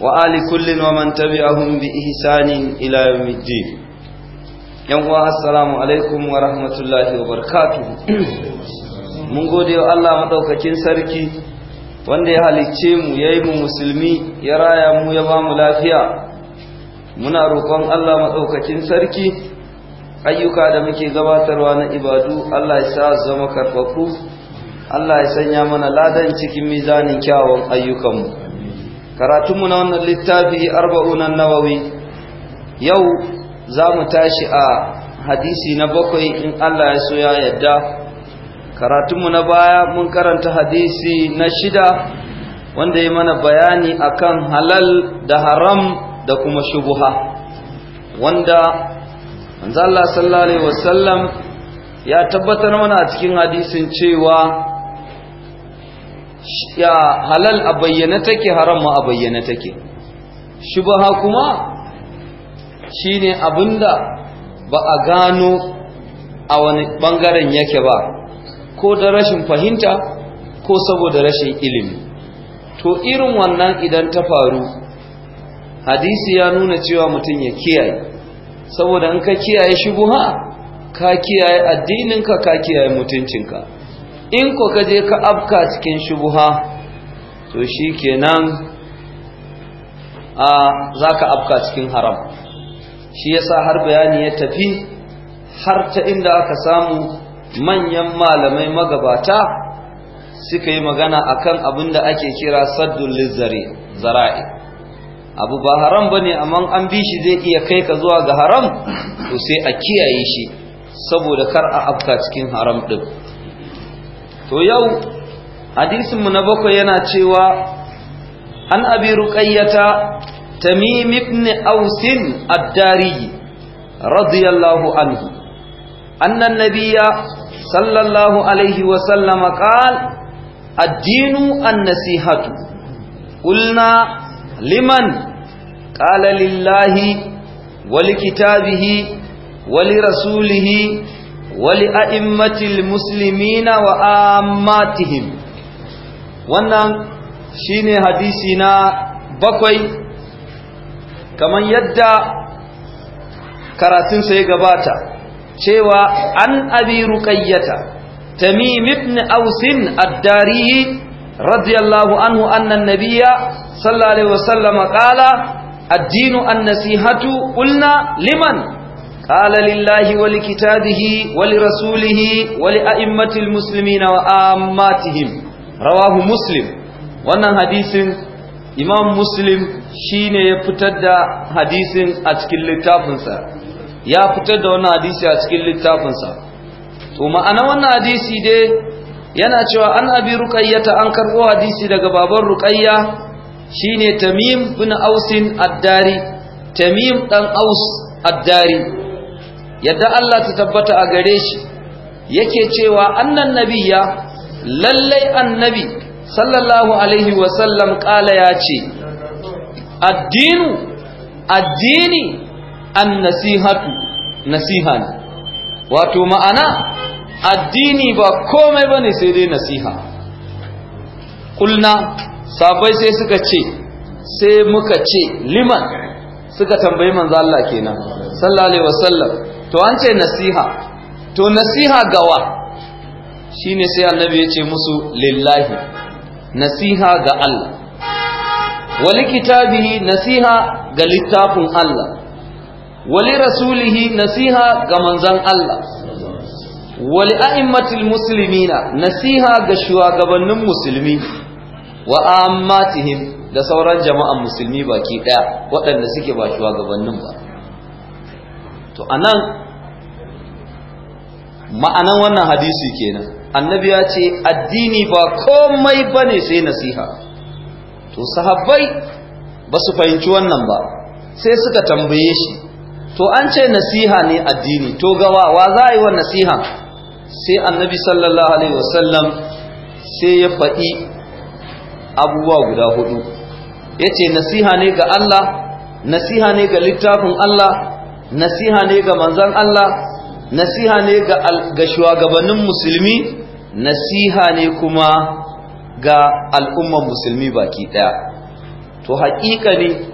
وآل كل ومن تبعهم بإحسان إلى يوم الدين assalamu alaikum wa rahmatullahi wa وبركاته mun gode wa Allah madaukakin sarki wanda ya halicce mu yayi mu musulmi ya raya mu ya bamu lafiya muna roƙon Allah madaukakin sarki ayyuka da muke gabatarwa na ibadu Allah ya sa zama karfafu Allah ya sanya mana ladan cikin mizanin kyawun ayyukanmu karatunmu na wannan littafi arba'unan nawawi yau za mu tashi a hadisi na bakwai in Allah ya so ya yadda karatunmu na baya mun karanta hadisi na shida wanda ya mana bayani akan halal da haram da kuma shubuha wanda manzo Allah sallallahu alaihi wasallam ya tabbatar mana a cikin hadisin cewa ya halal a bayyana take haram ma a bayyana take shubha kuma shine abinda ba a gano a wani bangaren yake ba ko da rashin fahimta ko saboda rashin ilimi to irin wannan idan ta faru hadisi ya nuna cewa mutum ya kiyaye saboda in ka kiyaye shubuha ka kiyaye addininka ka kiyaye mutuncinka in ko ka je ka afka cikin shubuha to shi kenan a za ka afka cikin haram shi yasa har bayani ya tafi har ta inda aka samu manyan malamai magabata suka yi magana akan abin da ake kira saddun lizzari zara'i abu ba haram ba ne amma an bi shi zai iya kai ka zuwa ga haram to sai a kiyaye shi saboda kar a afka cikin haram ɗin to yau hadisin mu na bakwai yana cewa an abi ruƙayyata tamim ibn aus ad-dari radiyallahu anhu anna an-nabiyya sallallahu alaihi wa sallam qala الدين النصيحة قلنا لمن wa لله ولكتابه wali a'immatil muslimina wa ammatihim wannan shine hadisi na bakwai kamar yadda karatunsa ya gabata cewa an abi ruqayyata tamim ibn ausin ad radiyallahu anhu annan an-nabiyya sallallahu alaihi wasallam qala an-nasihatu ulna liman قال لله ولكتابه ولرسوله ولأئمة المسلمين وآماتهم رواه مسلم wannan hadisin imam muslim shine ya fitar da hadisin a cikin littafinsa ya fitar da wannan hadisi a cikin littafinsa to ma'ana wannan hadisi dai yana cewa an abi ruqayyata an karbo hadisi daga baban ruqayya shine tamim bin ausin addari tamim dan aus addari yadda Allah ta tabbata a gare shi yake cewa annan nabiya lallai annabi sallallahu alaihi wasallam kala ya ce addinu addini an nasihatu nasiha wato ma'ana addini ba komai bane sai dai nasiha kulna sabai sai suka ce sai muka ce liman suka tambayi manzo Allah kenan sallallahu alaihi wasallam to an ce nasiha to nasiha gawa ne sai annabi ya ce musu lillahi nasiha ga Allah wali kitabihi nasiha ga littafin Allah wali rasulihi nasiha ga manzan Allah wali a'immatil muslimina nasiha ga shugabannin musulmi wa ammatihim da sauran jama'an musulmi baki daya waɗanda suke ba shugabannin ba to anan ma'anan wannan hadisi kenan annabi ya ce addini ba komai bane sai nasiha to sahabbai ba su fahimci wannan ba sai suka tambaye shi to an ce nasiha ne addini to gawa wa za a yi wa nasiha sai annabi sallallahu alaihi wasallam sai ya faɗi abubuwa guda hudu Yace nasiha ne ga Allah nasiha ne ga littafin Allah nasiha ne ga manzan Allah nasiha ne ga shugabannin musulmi nasiha ne kuma ga al'umman musulmi baki daya to haƙiƙa ne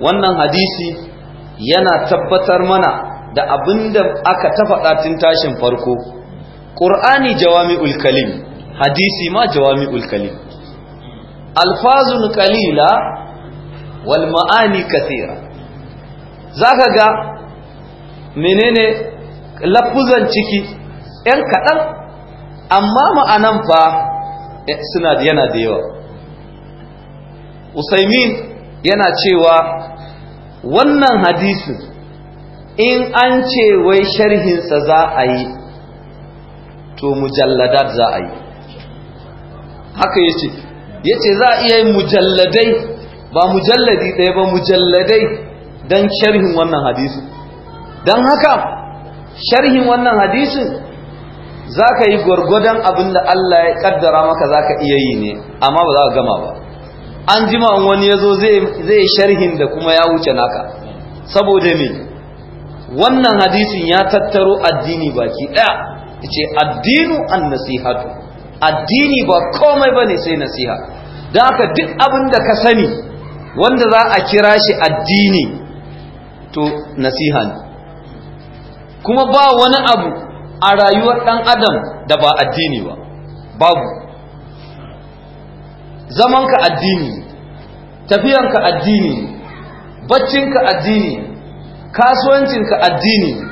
wannan hadisi yana tabbatar mana da abinda aka ta faɗa tun tashin farko ƙur'ani jawami'ul kalim hadisi ma jawami'ul kalim alfazun kalila wal ma'ani za zaka ga menene lafuzan ciki ‘yan kaɗan amma ma'anan fa eh, suna yana da yawa usaimin yana cewa wannan hadisin in an ce wai sharhinsa za a yi to mujalladat za a yi haka yace. Yace za a iya yin mujalladai ba mujalladi ɗaya ba mujalladai don sharhin wannan hadisin don haka sharhin wannan hadisin za ka yi gwargwadon abinda Allah ya kaddara maka za ka iya yi ne amma ba za ka gama ba an jima wani ya zo zai sharhin da kuma ya wuce naka saboda me wannan hadisin ya tattaro addini baki ɗaya ce addinu an nasihatu addini ba komai ba ne sai nasiha don haka duk abin da ka sani wanda za a kira shi addini to nasiha ne kuma ba wani abu a rayuwar ɗan adam da ba addini ba babu zamanka addini tafiyanka addini baccinka addini kasuwancinka addini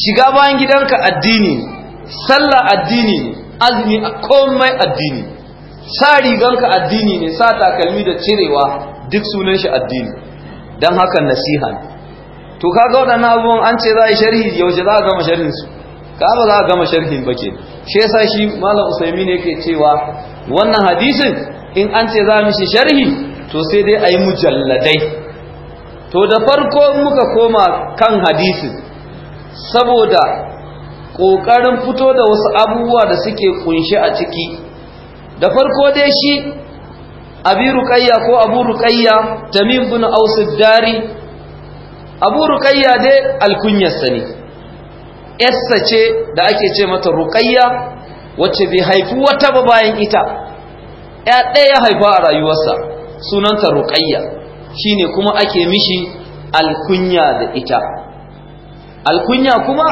shiga bayan gidanka addini sallah addini azumi komai addini sa riganka addini ne sa takalmi da cirewa duk sunan shi addini don haka nasiha ne to kaga waɗannan abubuwan an ce za a yi sharhi yaushe za a gama sharhin su ka ba za a gama sharhin ba ke shi yasa shi malam usaimi ne yake cewa wannan hadisin in an ce za mu shi sharhi to sai dai a yi mujalladai to da farko muka koma kan hadisin saboda ƙoƙarin fito da wasu abubuwa da suke kunshe a ciki da farko dai shi abi ruƙayya ko abu ruqayya tamim bin aus dari abu ruqayya dai alkunyarsa ne yarsa ce da ake ce mata ruqayya wacce bai haifi wata ba bayan ita ya ɗaya haifa a rayuwarsa sunanta ruqayya shine kuma ake mishi alkunya da ita alkunya kuma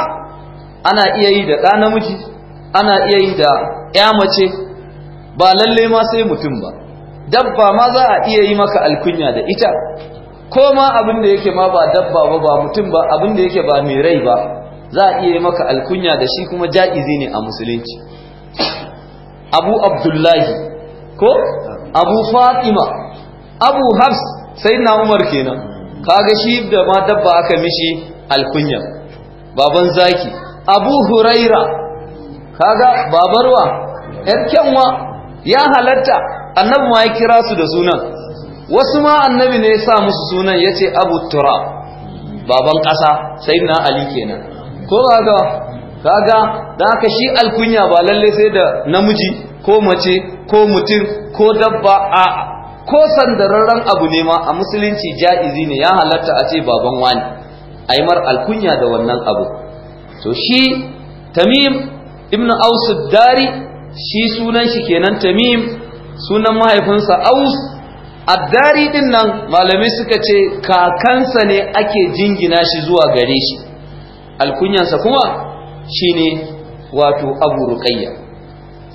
ana iya yi da ɗa namiji ana iya yi da ya mace ba lallai ma sai mutum ba dabba ma za a iya yi maka alkunya da ita ko ma abin da yake ma ba dabba ba ba mutum ba abin da yake ba mai rai ba za a iya maka alkunya da shi kuma ja'izi ne a musulunci abu abdullahi ko abu fatima abu hafs sai na umar kenan kaga shi da ma dabba aka mishi alkunya baban zaki abu huraira kaga babarwa yar kyanwa ya halatta annabi ma ya kira su da sunan wasu ma annabi ne ya sa musu sunan ya ce abu tura baban ƙasa sai na ali kenan ko kaga kaga da aka shi alkunya ba lalle sai da namiji ko mace ko mutum ko dabba a ko sandararren abu ne ma a musulunci ja'izi ne ya halatta a ce baban wani aimar alkunya da wannan abu to shi tamim Ibn aus dari shi sunan shi kenan tamim sunan mahaifinsa aus addari din nan malamai suka ce kakansa ne ake jingina shi zuwa gare shi alkunyansa kuma shine wato abu ruqayya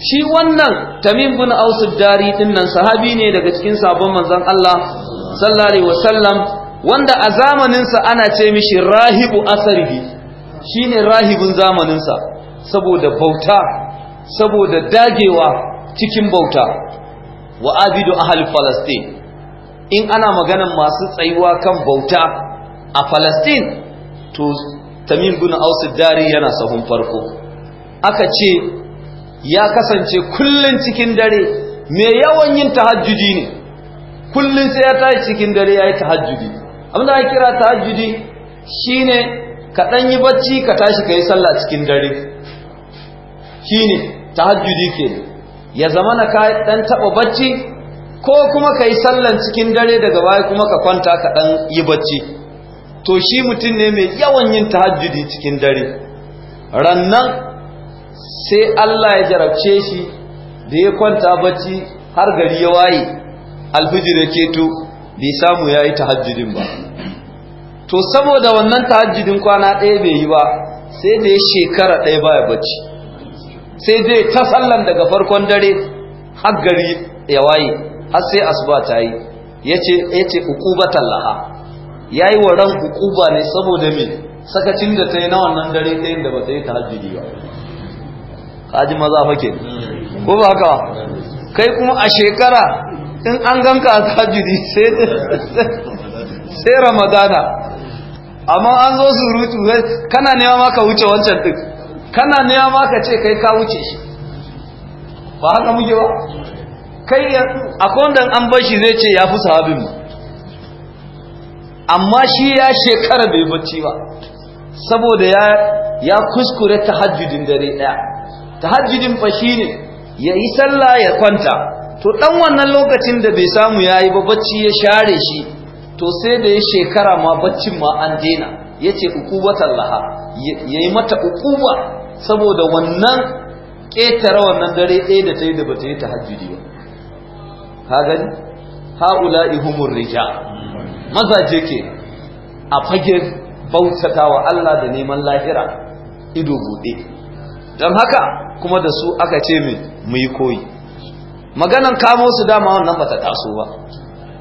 shi wannan tamim bin aus dari din nan sahabi ne daga cikin sabon manzon Allah sallallahu alaihi wasallam wanda a zamaninsa ana ce mishi rahibu asarihi shine rahibin zamaninsa saboda bauta saboda dagewa cikin bauta wa abidu ahli falastin in ana maganan masu tsayuwa kan bauta a Palestine to Tamim bin Aus Dari yana sahun farko aka ce ya kasance kullun cikin dare me yawan yin tahajjudi ne kullun sai ya tashi cikin dare yayi tahajjudi abin da ake kira tahajjudi shine ka dan yi bacci ka tashi kai sallah cikin dare shine tahajjudi ke ya zamana ka dan taba bacci ko kuma ka yi sallan cikin dare daga baya kuma ka kwanta ka ɗan yi bacci to shi mutum ne mai yawan yin tahajjudi cikin dare rannan sai Allah ya jarabce shi da ya kwanta bacci har gari ya waye alfijir ya keto bai samu ya yi tahajjudin ba to saboda wannan tahajjudin kwana ɗaya bai yi ba sai da ya shekara ɗaya baya bacci sai dai ta sallan daga farkon dare har gari ya waye har sai asuba ta yi ya ce hukubatan laha Ya yi ran hukuba ne saboda me sakacin da ta yi na wannan dare ɗayan da ba ta yi ta Hajji ba kaji maza fa ke ko ba haka kai kuma a shekara in an ganka a Tajiri sai sai ramadana amma an zo surutu kana nema ma ka wuce wancan duk kana nema ma ka ce kai ka wuce shi ba haka muke ba kai a wanda an bar shi zai ce ya fi sahabin mu amma shi ya shekara bai bacci ba saboda ya ya kuskure tahajjudin dare daya tahajjudin fa shine ya yi sallah ya kwanta to dan wannan lokacin da bai samu yayi ba bacci ya share shi to sai da ya shekara ma baccin ma an dena yace hukubatan laha yayi mata hukuba saboda wannan ƙetare wannan dare ɗaya da ta da bata yi tahajjudi ba ka gani haula humur rija mazaje ke a fage wa Allah da neman lahira ido buɗe. don haka kuma da su aka ce min mu koyi maganan kamo su dama wannan bata taso ba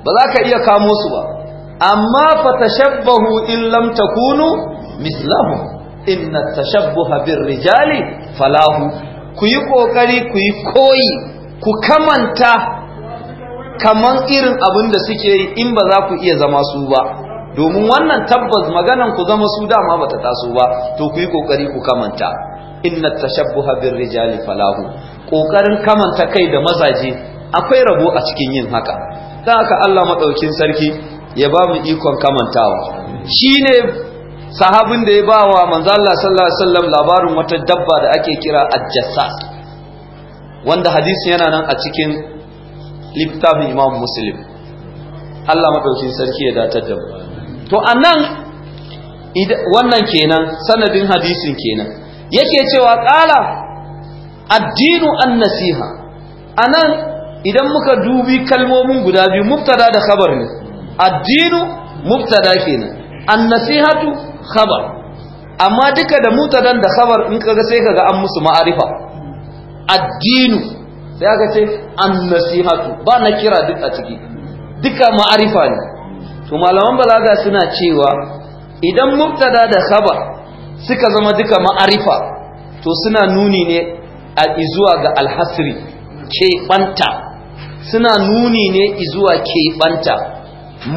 ba za ka iya kamo su ba amma fatashabbahu in lam takunu mislahu inna bir rijali, falahu ku yi kokari ku yi koyi ku kamanta kaman irin abin da suke yi in ba za ku iya zama su ba domin wannan tabbas maganan ku zama su dama ta taso ba to ku yi kokari ku kamanta inna tashabbuha bir rijali falahu kokarin kamanta kai da mazaje akwai rabo a cikin yin haka dan haka Allah madaukin sarki ya ba mu ikon kamantawa shine sahabin da ya bawa manzo Allah sallallahu alaihi wasallam labarin wata dabba da ake kira ajassas wanda hadisin yana nan a cikin littafin imam muslim Allah madaukin sarki ya datar da mu to nan wannan kenan sanadin hadisin kenan yake cewa qala addinu an-nasiha anan idan muka dubi kalmomin guda biyu muftada da khabar ne addinu muftada kenan an-nasihatu khabar amma duka da mutadan da khabar in kaga sai kaga an musu ma'arifa addinu sai aka ce an nasihatu ba na kira duk a ciki duka ma'arifa ne to malaman balaga suna cewa idan mubtada da khabar suka zama duka ma'arifa to suna nuni ne a izuwa ga alhasri banta suna nuni ne izuwa ke keɓanta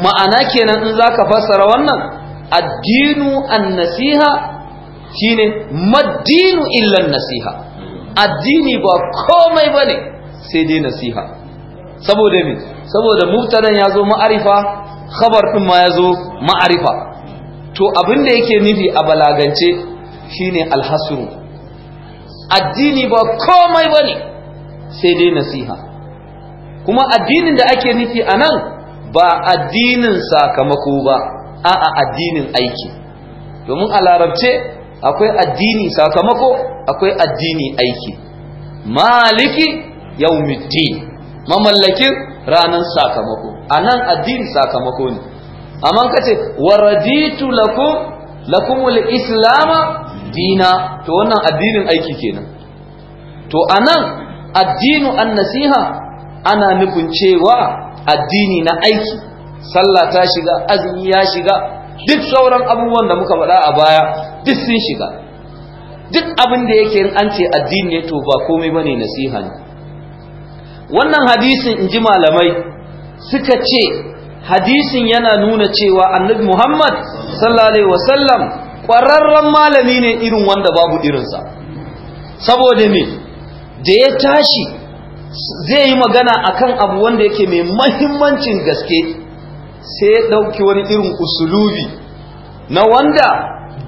ma'ana kenan in za ka fassara wannan addinu an nasiha shine maddinu illan nasiha addini ba komai bane sai dai nasiha saboda me saboda mubtadan ya zo ma'arifa khabar din ma ya zo ma'arifa to abin da yake nufi a balagance shine alhasru addini ba komai bane sai dai nasiha kuma addinin da ake nufi anan ba addinin sakamako ba a'a addinin aiki domin a larabce akwai addini sakamako akwai addini aiki maliki yawmiddin mamallakin ranar sakamako anan addini sakamako ne amma kace waraditu lakum lakumul islama dina to wannan addinin aiki kenan to anan addinu an-nasiha ana nufin cewa addini na aiki sallah ta shiga azumi ya shiga duk sauran abubuwan da muka faɗa a baya duk sun shiga duk abin da yake an ce addini ne to ba komai bane nasiha ne wannan hadisin in ji malamai suka ce hadisin yana nuna cewa annabi Muhammad sallallahu alaihi wasallam ƙwararren malami ne irin wanda babu irinsa saboda me da ya tashi zai yi magana akan abu wanda yake mai mahimmancin gaske sai ya ɗauki wani irin usulubi na wanda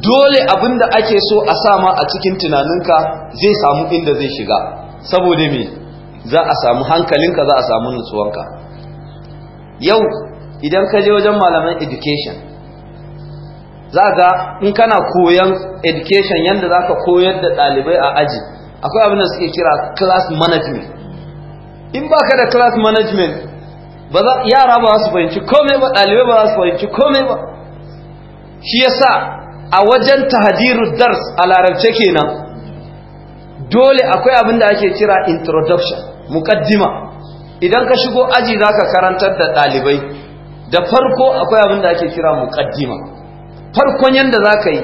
dole abinda ake so a sama a cikin tunaninka zai samu inda zai shiga saboda me za a samu hankalinka za a samu nutsuwanka yau idan ka je wajen malaman education za ga in kana koyan education yadda za ka koyar da ɗalibai a aji akwai abin da suke kira class management in ba ka da class management yara ba su fahimci komai ba ɗalibai ba su fahimci komai ba shi yasa a wajen tahadiru dars a larabce kenan dole akwai abin da ake kira introduction Mukaddima, idan ka shigo aji zaka karantar da dalibai da farko akwai abin da ake kira mukaddima, farkon yanda zaka yi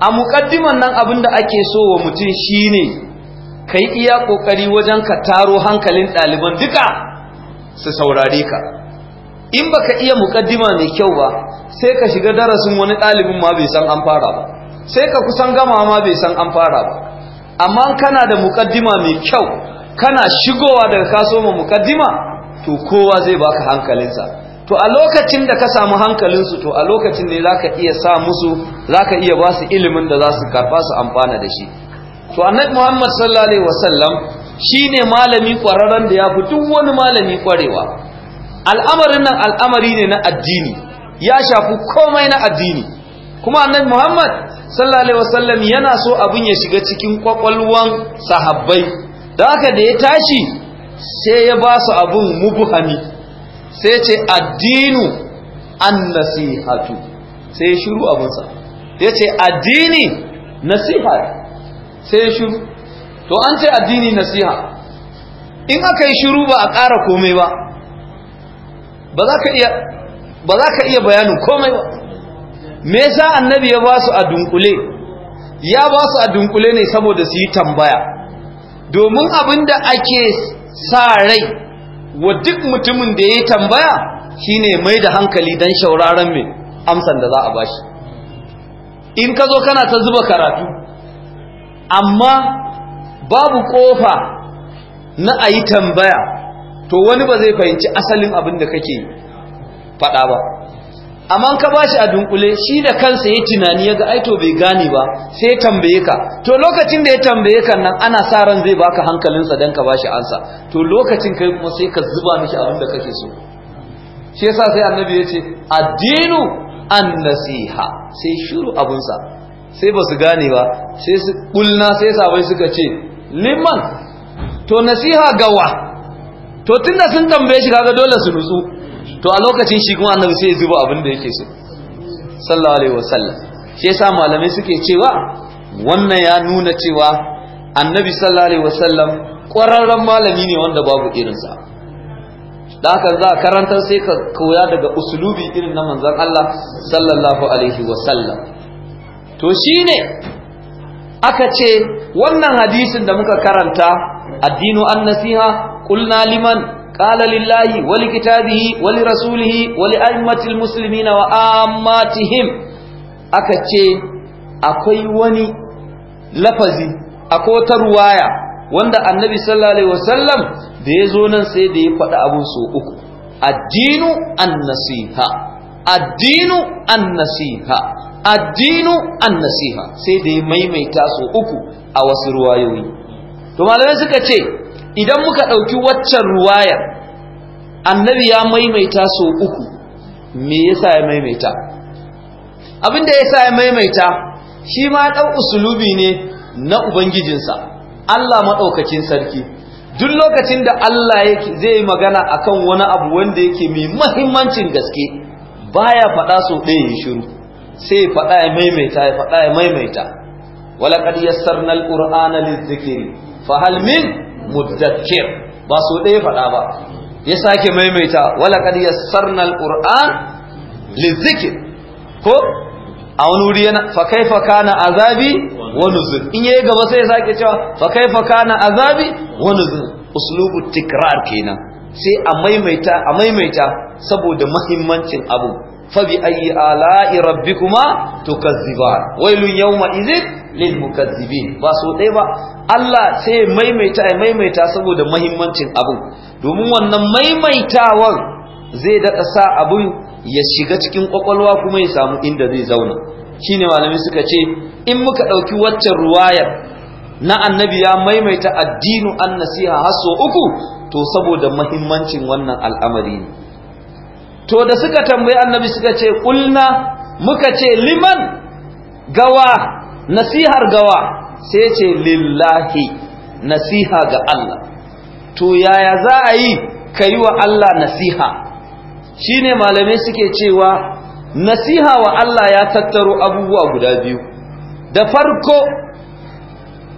a mukaddiman nan abin da ake so wa mutum shine kai iya kokari wajen ka taro hankalin daliban duka su saurare ka in baka iya mukaddima mai kyau ba sai ka shiga darasin wani dalibin ma bai san an fara ba sai ka kusan gama ma bai san an fara ba amma kana da mukaddima mai kyau kana shigowa daga kaso mu mukaddima to kowa zai baka hankalinsa to a lokacin da ka samu hankalinsu to a lokacin ne zaka iya sa musu zaka iya ba su ilimin da za su karba su amfana da shi to annabi Muhammad sallallahu alaihi wasallam shine malami kwararren da ya fi duk wani malami kwarewa al'amarin nan al'amari ne na addini ya shafi komai na addini kuma annabi Muhammad sallallahu alaihi wasallam yana so abin ya shiga cikin kwakwalwan sahabbai da aka da ya tashi sai ya ba su abin mubuhami sai ce addinu an nasihatu sai ya shiru abinsa ya ce addini nasiha sai ya shiru to an ce addini nasiha in aka yi shiru ba a ƙara komai ba ba za ka iya bayanin komai ba me sa annabi ya ba su a dunkule ya ba su a dunkule ne saboda su yi tambaya domin abin da ake sa rai wa duk mutumin da ya tambaya shine mai da hankali don shauraren mai amsan da za a bashi in ka zo kana ta zuba karatu amma babu ƙofa na a yi tambaya to wani ba zai fahimci asalin abin da kake faɗa ba amma ka bashi a dunkule shi da kansa ya tunani ya ga to bai gane ba sai ya tambaye ka to lokacin da ya tambaye ka nan ana sa ran zai baka hankalinsa dan ka bashi ansa to lokacin kai kuma sai ka zuba miki abin da kake so shi yasa sai annabi ya ce addinu an nasiha sai shiru abun sa, sai ba su gane ba sai su kulna sai sabai suka ce liman to nasiha gawa to tunda sun tambaye shi kaga dole su nutsu to a lokacin shi kuma annabi sai ya zuba abin da yake so sallallahu alaihi wasallam shi yasa malamai suke cewa wannan ya nuna cewa annabi sallallahu alaihi wasallam ƙwararren malami ne wanda babu irin sa. da haka za a karantar sai ka koya daga uslubi irin na manzon Allah sallallahu alaihi wasallam to shine aka ce wannan hadisin da muka karanta addinu an nasiha qulna liman qala wali kitabihi wali wa lirasulihi wa li'immatil muslimina aka ce akwai wani lafazi akwai ta ruwaya wanda annabi sallallahu alaihi wasallam da ya zo nan sai da ya faɗi abun so uku addinu an-nasiha addinu an-nasiha addinu an-nasiha sai da ya maimaita sau uku a wasu ruwayoyi to malamai suka ce idan muka ɗauki waccan ruwayar annabi ya maimaita so uku me yasa ya maimaita abinda yasa ya maimaita shi ma ɗan usulubi ne na ubangijinsa Allah maɗaukakin sarki duk lokacin da Allah zai magana akan wani abu wanda yake mai mahimmancin gaske baya faɗa so ɗaya ya shiru sai ya faɗa ya maimaita ya faɗa ya maimaita walaƙad yassarnal qur'ana lizikri fa hal min mudakkir ba so ɗaya faɗa ba ya sake maimaita wala kad yassarna alquran lizikr ko a wani wuri yana fa kaifa azabi wa nuzur in yayi gaba sai ya sake cewa fa kaifa azabi wa uslubu tikrar kenan sai a maimaita a maimaita saboda mahimmancin abu fabi ayi ala'i rabbikuma tukazziban wailun yawma idhin lil mukazzibin ba so dai ba Allah sai maimaita ya maimaita saboda muhimmancin abin domin wannan maimaitawar zai daɗa sa abun ya shiga cikin kwakwalwa kuma ya samu inda zai zauna shine malami suka ce in muka ɗauki waccan ruwayar na annabi ya maimaita addinu an nasiha hasso uku to saboda muhimmancin wannan al'amari ne to da suka tambayi annabi suka ce kulna muka ce liman gawa nasihar gawa sai ce lillahi nasiha ga Allah to yaya za a yi ka yi wa Allah nasiha shine malamai suke cewa nasiha wa Allah ya tattaro abubuwa guda biyu da farko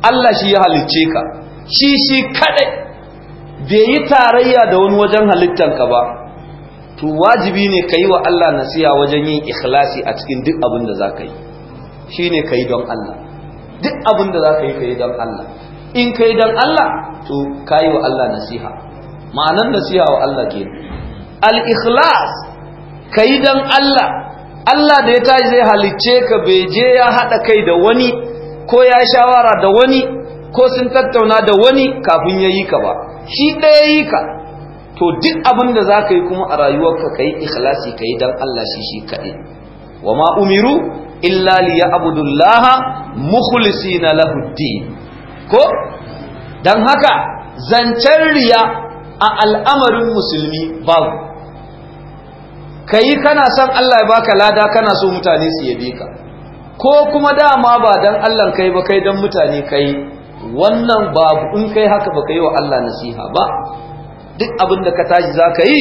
Allah shi ya halicce ka shi shi kaɗai. bai yi tarayya da wani wajen halittanka ba to wajibi ne ka yi wa Allah nasiya wajen yin ikhlasi a cikin duk abin da za ka yi shi ne ka yi don Allah duk abin da za ka yi ka yi don Allah in ka yi don Allah to ka yi wa Allah nasiha ma'anar nasiha wa Allah ke al-ikhlas ka yi don Allah Allah da ya tashi zai halicce ka beje ya haɗa kai da wani ko ya shawara da wani ko sun tattauna da wani kafin ya yi ka ba shi ɗaya yi ka to duk abin da za ka yi kuma a rayuwarka ka yi ikhlasi ka yi don Allah shi shi kaɗai wa ma umiru illa liya abudullaha mukhlisi na lahuddi ko don haka zancen riya a al'amarin musulmi babu ka yi kana son Allah ya baka lada kana so mutane su yabe ka ko kuma dama ba don Allah kai ba kai dan mutane kai wannan babu in kai haka ba ka wa Allah nasiha ba duk abin da ka tashi za ka yi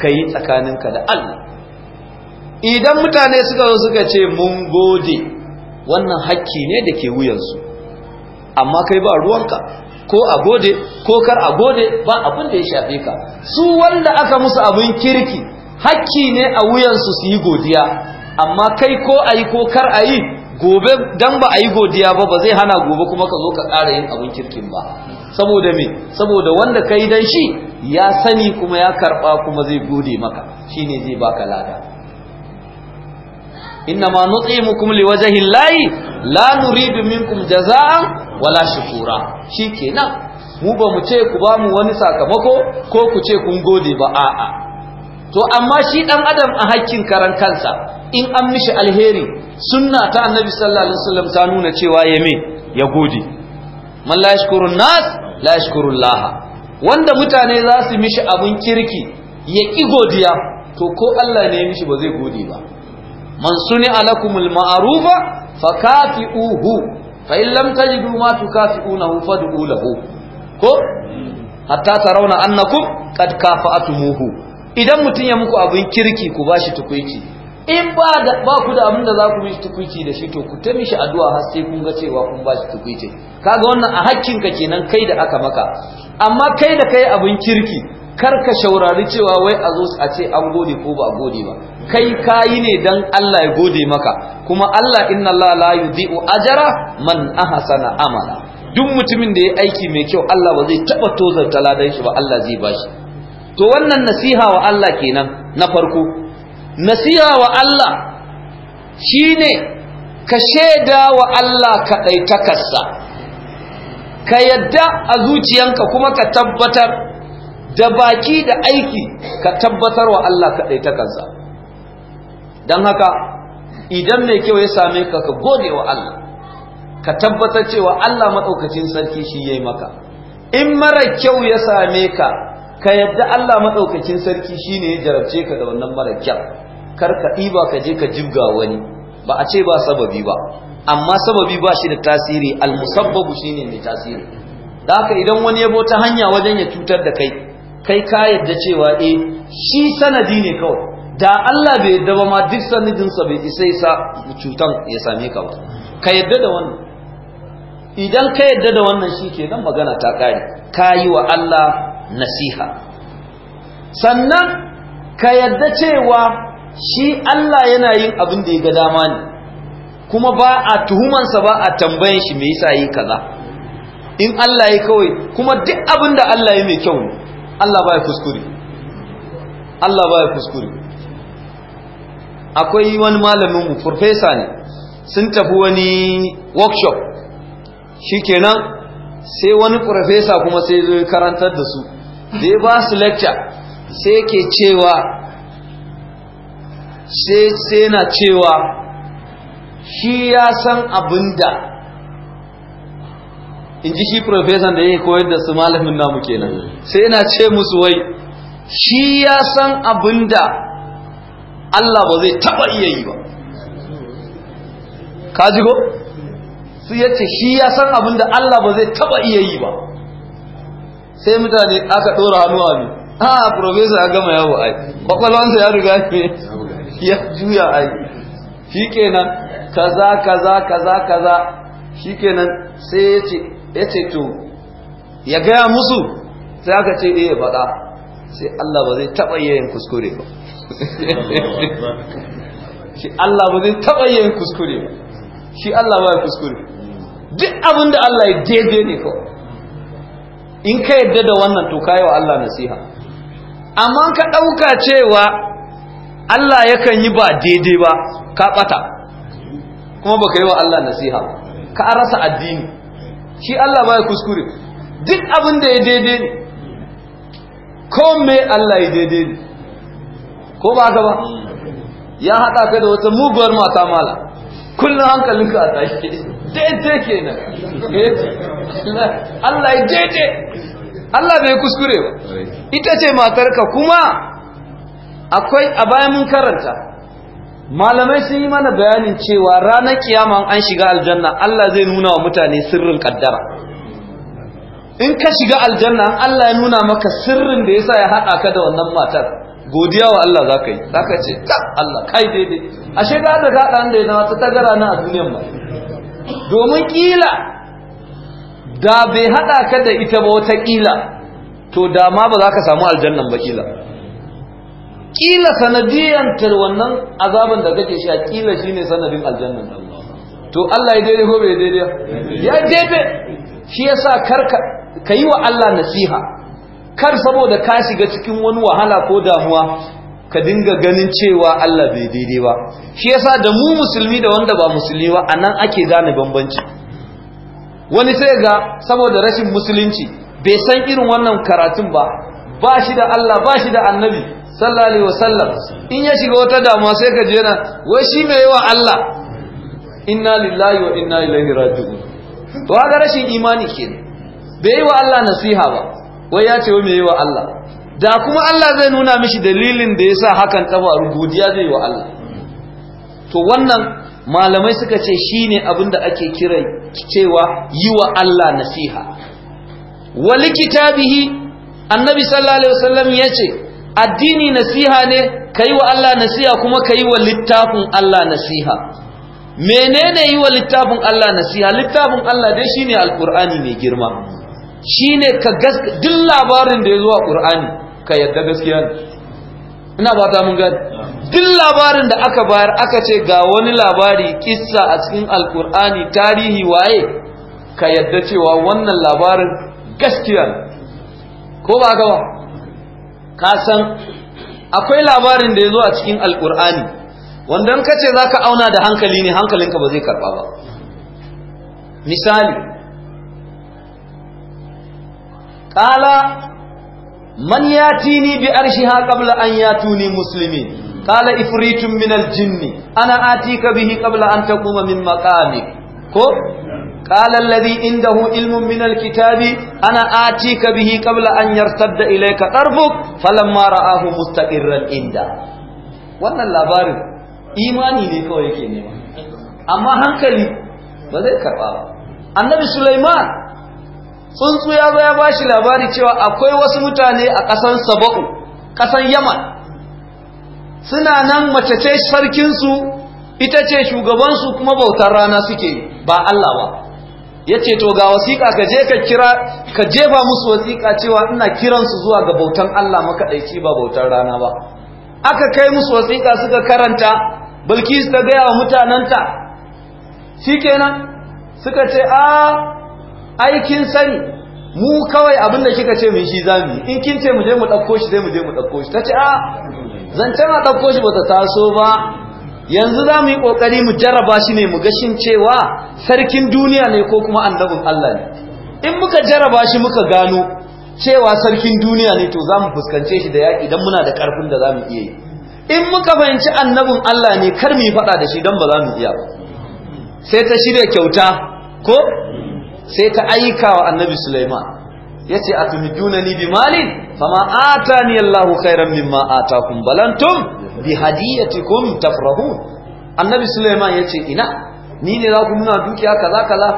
ka yi tsakaninka da Allah idan mutane suka zo suka ce mun gode wannan hakki ne da ke wuyansu amma kai ba ruwanka ko a gode ko kar a gode ba abin da ya shafe ka su wanda aka musu abin kirki hakki ne a wuyansu su yi godiya amma kai ko a yi ko kar a yi gobe don ba a yi godiya ba ba zai hana gobe kuma ka zo ka ƙara yin abin kirkin ba saboda me saboda wanda kai dan shi ya sani kuma ya karba kuma zai gode maka shine zai baka lada innama nut'imukum liwajhi llahi la nuridu minkum jazaa wala shukura shikenan mu ba mu ce ku ba mu wani sakamako ko ku ce kun gode ba a'a to amma shi dan adam a hakkin karan kansa in an mishi alheri sunna ta annabi sallallahu alaihi wasallam ta nuna cewa ya me ya gode man la yashkurun nas la yashkurun laha wanda mutane za su mishi abun kirki ya ki godiya to ko Allah ne mishi ba zai gode ba man suni alakumul ma'rufa fakafi'uhu fa in lam tajidu ma tukafi'unahu fad'u lahu ko hatta tarawna annakum qad kafa'atumuhu idan mutun ya muku abun kirki ku bashi tukuiki in ba ku da abin da za ku mishi tukuici da shi to ku ta mishi addu'a har sai kun ga cewa kun ba shi tukuici kaga wannan a hakkinka kenan kai da aka maka amma kai da kai abin kirki kar ka shaurari cewa wai a zo a ce an gode ko ba gode ba kai kayi ne dan Allah ya gode maka kuma Allah inna Allah la yudhi'u ajra man ahsana amala duk mutumin da ya aiki mai kyau Allah ba zai taba tozar ladan shi ba Allah zai bashi to wannan nasiha wa Allah kenan na farko nasiha wa Allah shi ne ka shaida wa Allah kaɗaitakarsa ka yadda a zuciyanka kuma ka tabbatar da baki da aiki ka tabbatar wa Allah kaɗaitakarsa don haka idan mai kyau ya same ka ka gode wa Allah ka tabbatar cewa Allah maɗaukacin sarki shi ya yi maka in mara kyau ya same ka ka yadda Allah maɗaukacin sarki shi ne ya jarabce ka da wannan mara kyau kar ka ɗiba ka je ka jibga wani ba a ce ba sababi ba amma sababi ba shi da tasiri almusabbabu shine mai tasiri da haka idan wani yabo ta hanya wajen ya cutar da kai kai ka yadda cewa eh shi sanadi ne kawai da Allah bai yadda ba ma duk sanadinsa bai isa isa cutan ya same ka ba ka yadda da wannan idan ka yadda da wannan shi ke magana ta kare ka yi wa Allah nasiha sannan ka yadda cewa shi Allah yana yin abin da ya ga dama ne kuma ba a tuhumansa ba a tambayan shi mai yasa yi kaza in Allah ya kawai kuma duk abin da Allah ya mai kyau ne Allah ya kuskure Allah ba ya kuskure akwai wani malamin mu professor ne sun tafi wani workshop shikenan sai wani professor kuma sai zo karantar da su da ya ba su lecture sai ke cewa sai sai na cewa shi ya san abin da in ji shi profesan da ya koyar da su malamin namu kenan sai na ce musu wai shi ya san abin da Allah ba zai taɓa iya yi ba ka ji ko? su ya ce shi ya san abin da Allah ba zai taɓa iya yi ba sai mutane aka ɗora hannu a ha ah, profesa ya gama yawo ai kwakwalwansa ya riga ne ya juya a yi shi kenan kaza kaza kaza kaza shi kenan sai ya ce to ya gaya musu sai aka ce iya eh, faɗa sai Allah ba zai taɓa yayin kuskure ba shi Allah ba zai taɓa yayin kuskure ba shi Allah ba ya kuskure duk abin da Allah ya daidai ne ko. in ka yadda da wannan to kayi wa Allah nasiha amma ka ɗauka cewa Allah yakan yi ba daidai ba ka ɓata kuma baka yi wa Allah nasiha ka rasa addini shi Allah ba ya kuskure duk abin da ya daidai ne ko me Allah ya daidai ne ko ba ka ba ya haɗa ka da wata muguwar mata mala kullum hankalinka a tashi daidai ke nan Allah ya daidai Allah bai kuskure ba ita ce matarka kuma akwai a bayan mun karanta malamai sun yi mana bayanin cewa ranar kiyama an shiga aljanna Allah zai nuna wa mutane sirrin kaddara in ka shiga aljanna Allah ya nuna maka sirrin da yasa ya hada ka da wannan matar godiya wa Allah za ka yi za ka ce ta Allah kai daidai a da da gada da yana wata tagara na a duniyan ba domin ƙila da bai haɗa ka da ita ba wata ƙila to da ma ba za ka samu aljannan ba ƙila kila sanadiyantar wannan azaban da kake sha kila shine sanadin aljanna to Allah ya daidai ko bai daidai ya daidai shi yasa karka yi wa Allah nasiha kar saboda ka shiga cikin wani wahala ko damuwa ka dinga ganin cewa Allah bai daidai ba shi yasa da mu musulmi da wanda ba musulmi ba anan ake gane bambanci wani sai ga saboda rashin musulunci bai san irin wannan karatun ba ba shi da Allah ba shi da annabi sallallahu alaihi wasallam in ya shiga wata damuwa sai ka jena wai shi mai yawa Allah inna lillahi wa inna ilaihi raji'un to haka rashin imani kenan bai yi wa Allah nasiha ba wai ya ce wai mai yawa Allah da kuma Allah zai nuna mishi dalilin da yasa hakan ta faru godiya zai yi wa Allah to wannan malamai suka ce shine abin da ake kira cewa yi wa Allah nasiha wa likitabihi annabi sallallahu alaihi wasallam yace addini nasiha ne ka yi wa Allah nasiha kuma ka yi wa littafin Allah nasiha menene yi wa littafin Allah nasiha littafin Allah dai shine alkur'ani mai girma shine ka gaske. duk labarin da ya zo a qur'ani ka yadda gaskiya ne ina ba ta mun gani duk labarin da aka bayar aka ce ga wani labari kissa a cikin alkur'ani tarihi waye ka yadda cewa wannan labarin gaskiya ne ko ba ka ba Kasan akwai labarin da ya zo a cikin alkur'ani wanda in ka ce za ka auna da hankali ne hankalinka ba zai karɓa ba misali ƙala man tini bi arshiha qabla an yatuni muslimin minal jinni, ana jinni ka آتيك به قبل an تقوم min مقامك ko. قال الذي عنده علم من الكتاب انا آتيك به قبل ان يرتد اليك طرفك فلما راه مستقرا عنده wannan labarin imani ne kawai yake nema amma hankali ba zai karɓa ba annabi Sulaiman tsuntsu ya zo ya bashi labari cewa akwai wasu mutane a ƙasan Saba'u ƙasan Yaman suna nan mace ce sarkinsu ita ce shugabansu kuma bautar rana suke ba Allah ba yace to ga wasiƙa ka je ka kira ka jefa musu wasiƙa cewa ina kiran su zuwa ga bautan Allah makaɗaici ba bautan rana ba aka kai musu wasiƙa suka karanta Bilkis ta gaya wa mutananta shikenan suka ce a aikin sani mu kawai abin da kika ce mu shi zamu in kin ce mu je mu dauko shi sai mu je mu dauko shi tace a zan ma dauko shi bata taso ba yanzu za mu yi ƙoƙari mu jarraba shi ne mu gashin cewa sarkin duniya ne ko kuma annabin Allah ne in muka jarraba shi muka gano cewa sarkin duniya ne to za mu fuskance shi da yaƙi don muna da ƙarfin da za mu iya yi in muka fahimci annabin Allah ne kar mu yi faɗa da shi don ba za mu iya ba sai ta shirya kyauta ko sai ta aika wa annabi Sulaiman ya ce a tuni ni bi malin fama ata ni Allahu khairan mimma atakum balantum bi hadiyatikum tafrahun annabi Sulaiman yace ina ni ne za ku nuna dukiya kaza kaza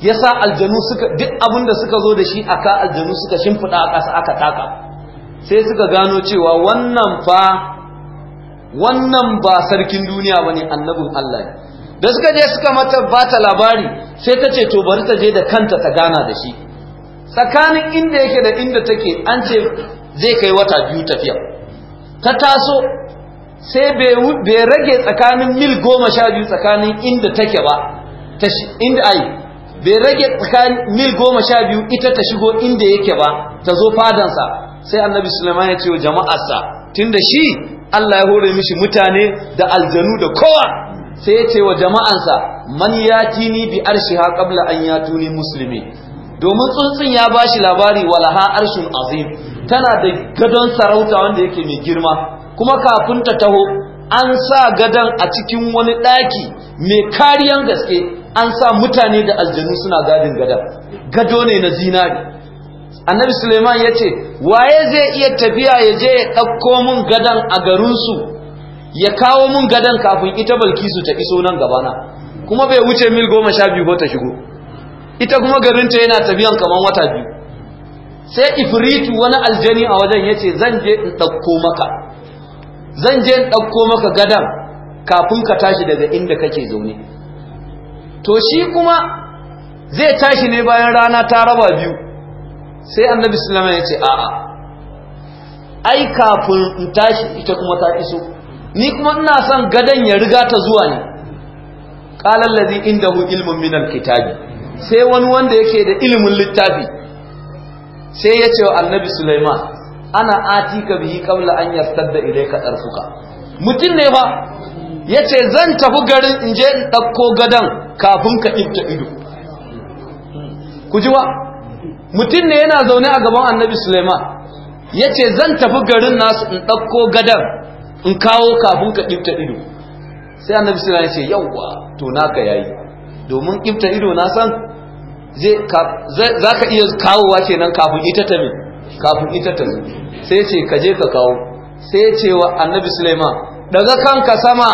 yasa aljanu suka duk abin da suka zo da shi aka aljanu suka shimfida a ƙasa aka taka sai suka gano cewa wannan fa wannan ba sarkin duniya bane annabin Allah ne da suka je suka mata bata labari sai ta ce to bari ta je da kanta ta gana da shi tsakanin inda yake da inda take an ce zai kai wata biyu tafiya ta taso sai bai rage tsakanin mil goma sha biyu tsakanin inda take ba inda ai bai rage tsakanin mil goma sha biyu ita ta shigo inda yake ba ta zo fadansa sai annabi sulaiman ya ce wa jama'arsa tunda shi Allah ya hore mishi mutane da aljanu da kowa sai ya ce wa jama'ansa man tini bi ha qabla an ya tuni muslimi domin tsuntsun ya bashi labari walaha arshin azim tana da gadon sarauta wanda yake mai girma kuma kafin ta taho an sa gadan a cikin wani ɗaki mai kariyan gaske an sa mutane da aljanu suna gadin gadan gado ne na zinari annabi suleiman ya ce waye zai iya tafiya ya je ya ɗauko mun gadan a garinsu ya kawo mun gadan kafin ita balkisu ta iso nan gabana kuma bai wuce mil goma sha biyu ba ta shigo ita kuma garinta yana tafiyan kamar wata biyu sai ifiritu wani aljani a wajen ya ce zan je in ɗauko maka zan je in ɗauko maka gadan kafin ka tashi daga inda kake zaune to shi kuma zai tashi ne bayan rana ta raba biyu sai annabi sulama ya ce a'a ai kafin in tashi ita kuma ta iso ni kuma ina son gadan ya riga ta zuwa ne qala allazi indahu ilmun min alkitabi sai wani wanda yake da ilimin littafi sai ya ce wa annabi sulaiman ana ka bihi kabla an ilai ka darfuka mutum ne ba ya ce zan tafi garin in je in dauko gadon kafin ka ibta ido ku ji wa mutum ne yana zaune a gaban annabi suleiman ce zan tafi garin nasu in dauko gadon in kawo kafin ka ibta ido sai annabi suleiman yace yawwa to naka yayi domin ibta ido na san zai za ka iya kawowa kenan kafin ita ta min kafin ita ta zuwa sai ce ka je ka kawo sai ce wa annabi suleiman daga kanka sama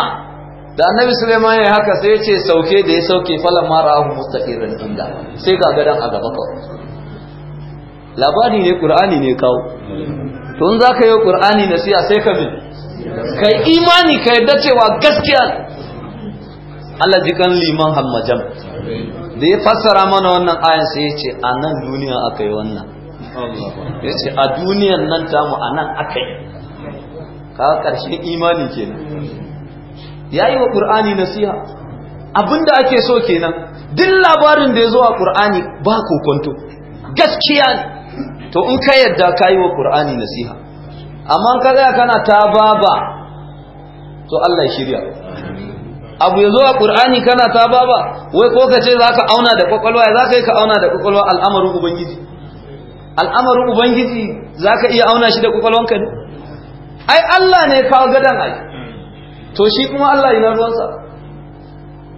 da annabi suleiman ya haka sai ce sauke da ya sauke falan mara ahu mustaqirin inda sai ga gadan a gaba kawo labari ne qur'ani ne kawo tun za ka yi na siya sai ka bi yi imani ka yadda cewa gaskiya Allah ji kan liman hamajan. da ya fassara mana wannan ayan sai ya ce a nan duniya aka yi wannan ya ce a duniyan nan tamu a nan aka yi kawo ƙarshen imani kenan ya yi wa ƙur'ani nasiha abinda ake so kenan duk labarin da ya zo a ƙur'ani ba kokonto gaskiya ne to in ka yadda ka yi wa ƙur'ani nasiha amma ka tsaya kana ta baba to Allah ya shirya abu ya zo a ƙur'ani kana ta baba wai ko ka ce za ka auna da ƙwaƙwalwa ya za ka yi ka auna da ƙwaƙwalwa al'amarin ubangiji al'amarin ubangiji za ka iya auna shi da ƙwaƙwalwanka ne ai Allah ne kawo gadon ai to shi kuma Allah yana ruwansa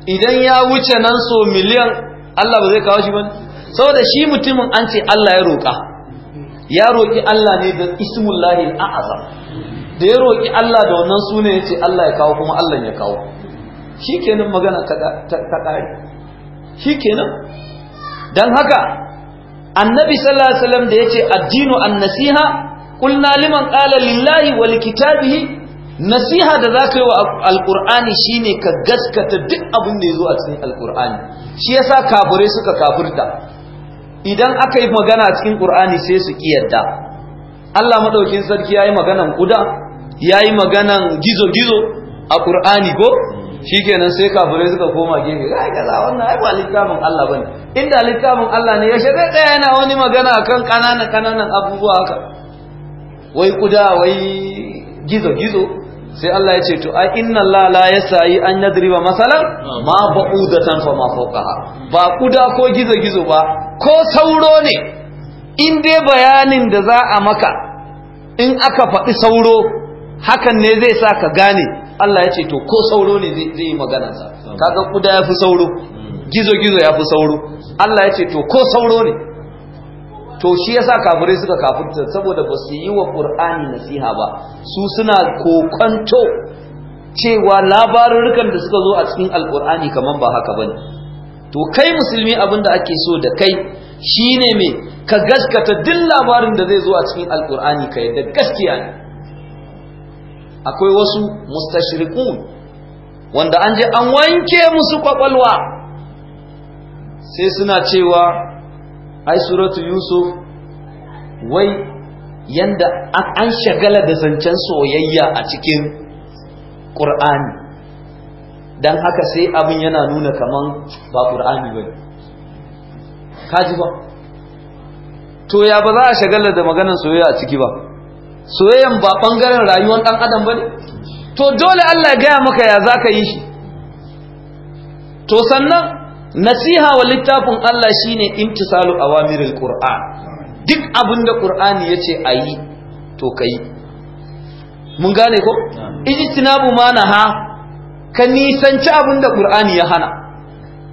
idan ya wuce nan so miliyan Allah ba zai kawo shi ba saboda shi mutumin an ce Allah ya roƙa ya roƙi Allah ne da ismullahi al'azam da ya roƙi Allah da wannan sune ya ce Allah ya kawo kuma Allah ya kawo shi kenan magana ta ƙari shi kenan don haka annabi sallallahu alaihi wasallam da yace addinu an-nasiha qulna liman qala lillahi wal kitabihi nasiha da zaka yi wa alqur'ani shine ka gaskata duk abin da yazo a cikin alqur'ani shi yasa kafure suka kafurta idan aka yi magana cikin qur'ani sai su kiyarda Allah madaukin sarki yayi maganan kuda yayi maganan gizo gizo a qur'ani ko Shi shikenan sai kafirai suka koma gefe ai kaza wannan ai ba littafin Allah bane inda littafin Allah ne ya shabe tsaya yana wani magana kan kananan kananan abubuwa haka wai kuda wai gizo gizo sai Allah ya ce to ai inna Allah la yasayi an yadriba masalan ma ba'udatan fa ma fawqaha ba kuda ko gizo gizo ba ko sauro ne in dai bayanin da za a maka in aka faɗi sauro hakan ne zai sa ka gane Allah ya ce to ko sauro ne zai yi maganansa kaga kuda ya fi sauro gizo gizo ya fi sauro Allah ya ce to ko sauro ne to shi yasa kafirai suka kafirta saboda ba su yi wa qur'ani nasiha ba su suna kokonto cewa labarurrukan da suka zo a cikin Al-Qur'ani kamar ba haka bane to kai musulmi abin da ake so da kai shine me ka gaskata duk labarin da zai zo a cikin Al-Qur'ani ka yadda gaskiya ne akwai wasu mustashirikun, wanda an je an wanke musu kwakwalwa sai suna cewa ai suratu yusuf wai yanda an shagala da zancen soyayya a cikin ƙur'ani don haka sai abin yana nuna kaman ba ƙur'ani ba kaji ba to ya ba za a shagala da maganar soyayya a ciki ba soyayyan ba bangaren rayuwar dan adam ba ne. to dole Allah ya gaya maka ya zaka yi shi to sannan nasiha wa littafin Allah shine imtisalu awamiril qur'an duk abinda qur'ani yace ayi to kai mun gane ko ijtinabu ha ka nisanci abinda qur'ani ya hana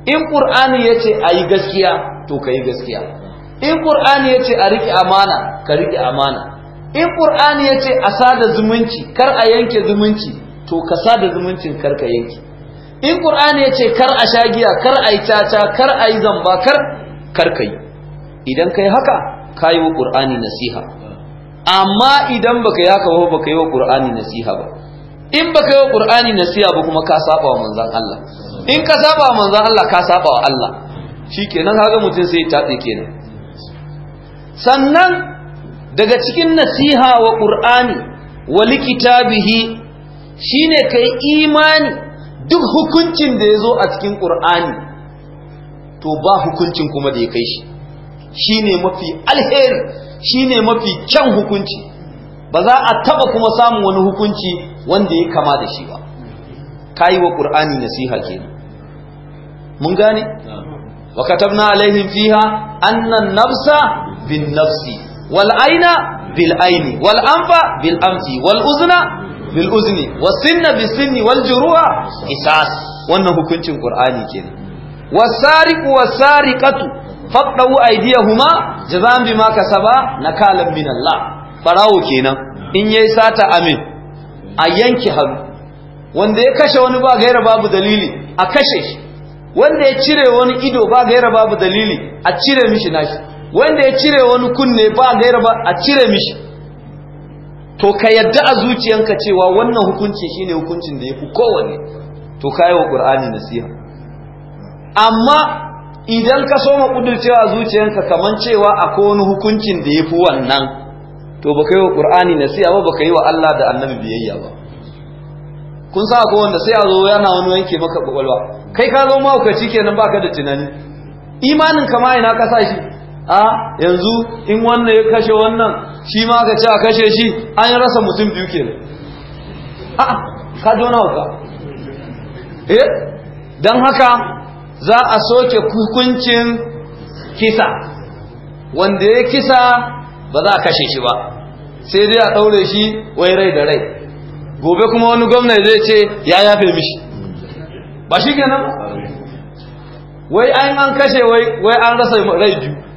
in qur'ani yace ayi gaskiya to kai gaskiya in qur'ani yace a rike amana ka rike amana in ƙur'ani ya ce a sada zumunci kar a yanke zumunci to ka sada zumuncin kar ka yanke in ƙur'ani ya ce kar a sha giya kar a yi caca kar a yi zamba kar kar ka yi idan ka yi haka ka yi wa ƙur'ani nasiha amma idan baka yi haka ba baka yi wa ƙur'ani nasiha ba in baka yi wa ƙur'ani nasiha ba kuma ka saba wa manzon Allah in ka saba wa manzon Allah ka saba wa Allah shikenan kaga mutum sai ya tafi kenan sannan daga cikin nasiha wa ƙur'ani wa likitabihi shine kai imani duk hukuncin da ya zo a cikin ƙur'ani to ba hukuncin kuma da ya kai shi shine mafi alheri shine mafi kyan hukunci ba za a taba kuma samun wani hukunci wanda ya kama da shi ba yi wa ƙur'ani nasiha ke mun gane wa katabna alaihim fiha annan nafsa bin nafsi wal aina bil aini wal anfa bil anfi wal uzna bil uzni was sinna bis sinni wal juruha qisas wannan hukuncin qur'ani kenan was sariqu was sariqatu faqdu aydiyahuma jazaan bima kasaba nakalan min Allah barawo kenan in yayi sata amin a yanki hannu wanda ya kashe wani ba gaira babu dalili a kashe wanda ya cire wani ido ba gaira babu dalili a cire mishi nashi wanda ya cire wani kunne ba gaira ba a cire mishi to ka yadda a zuciyanka cewa wannan hukunci shine hukuncin da ya fi kowanne to ka yi wa ƙur'ani nasiha amma idan ka soma ƙudurcewa a zuciyanka kamar cewa akwai wani hukuncin da ya fi wannan to ba ka yi wa ƙur'ani nasiya ba ba ka yi wa Allah da annabi biyayya ba kun sa ko wanda sai a zo yana wani yanke maka ƙwaƙwalwa kai ka zo mahaukaci kenan baka da tunani imanin kama ina ka sa shi a yanzu in wannan ya kashe wannan shi ma ka ce a kashe shi an yi rasa mutum biyu ke a ka dona waka eh don haka za a soke hukuncin kisa wanda ya kisa ba za a kashe shi ba sai dai a ɗaure shi wai rai da rai gobe kuma wani gwamna zai ce ya yafe mishi ba shi kenan wai an an kashe wai an rasa rai biyu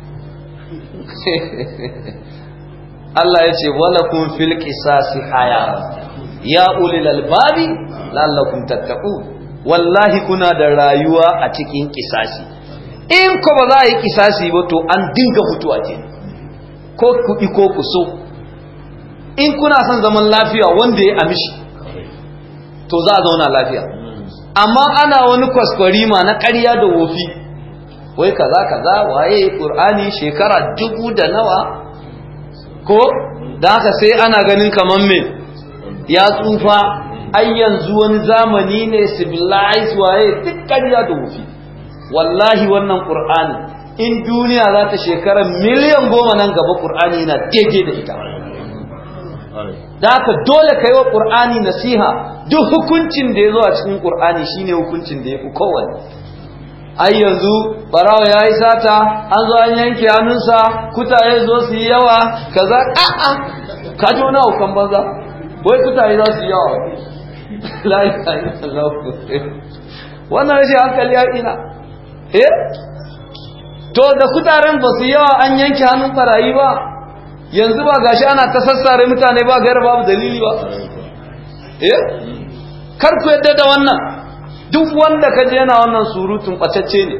Allah ya ce walakun fil qisasi haya ya ulil albabi lallakum tattaqu wallahi kuna da rayuwa a cikin kisasi in ko ba za yi kisasi ba to an dinga mutuwa ce ko ku ko ku so in kuna son zaman lafiya wanda ya amishi to za zauna lafiya amma ana wani kwaskwari ma na ƙarya da wofi wai kaza kaza waye qur'ani shekara dubu da nawa ko da haka sai ana ganin kamar me ya tsufa ai yanzu wani zamani ne civilized waye dukkan ya wufi. wallahi wannan qur'ani in duniya za ta shekara miliyan goma nan gaba qur'ani yana daidai da ita da haka dole ka yi wa ƙur'ani nasiha duk hukuncin da ya zo a cikin ƙur'ani shine hukuncin da ya fi kowane ai yanzu barawa ya yi sata an zo an yanke hannunsa kutaye zo su yi yawa a a ka ji wani aukan banza wai kutaye za su yi yawa wannan rashin hankali ya ina eh? to da kutaren ba su yawa an yanke hannun farayi ba yanzu ba gashi ana ta sassare mutane ba gaira babu dalili ba eh kar ku yadda da wannan duk wanda ka je yana wannan surutun ɓatacce ne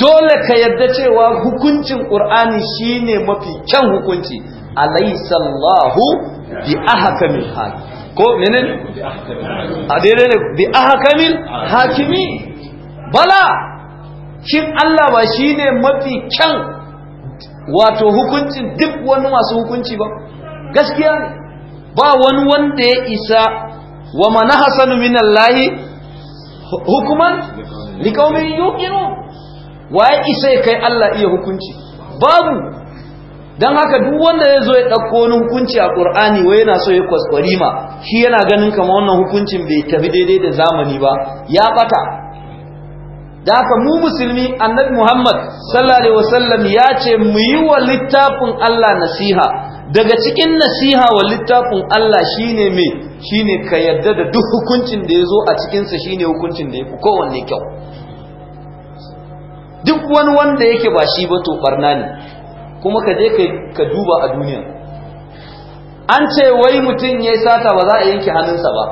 dole ka yadda cewa hukuncin ƙur'ani shine mafi kyan hukunci alaisallahu bi ahkamil hakim ko menene a daidai ne bi ahkamil hakimi bala shin Allah ba shine mafi kyan wato hukuncin duk wani masu hukunci ba gaskiya ne ba wani wanda ya isa wa mana hasanu minallahi hukuman liqaumin Wa ya isa kai Allah iya hukunci babu dan haka duk wanda ya zo ya ɗauko wani hukunci a ƙur'ani wai yana so ya kwaskwari ma shi yana ganin kamar wannan hukuncin bai tafi daidai da zamani ba ya ɓata da haka mu musulmi annabi muhammad sallallahu alaihi wasallam ya ce mu yi wa littafin allah nasiha daga cikin nasiha wa littafin allah shine mai shine ka yadda da duk hukuncin da ya zo a cikinsa shine hukuncin da ya fi kowanne kyau duk wani wanda yake ba shi ba to barna ne kuma ka je ka duba a duniya an ce wai mutum ya yi sata ba za a yanke hannunsa ba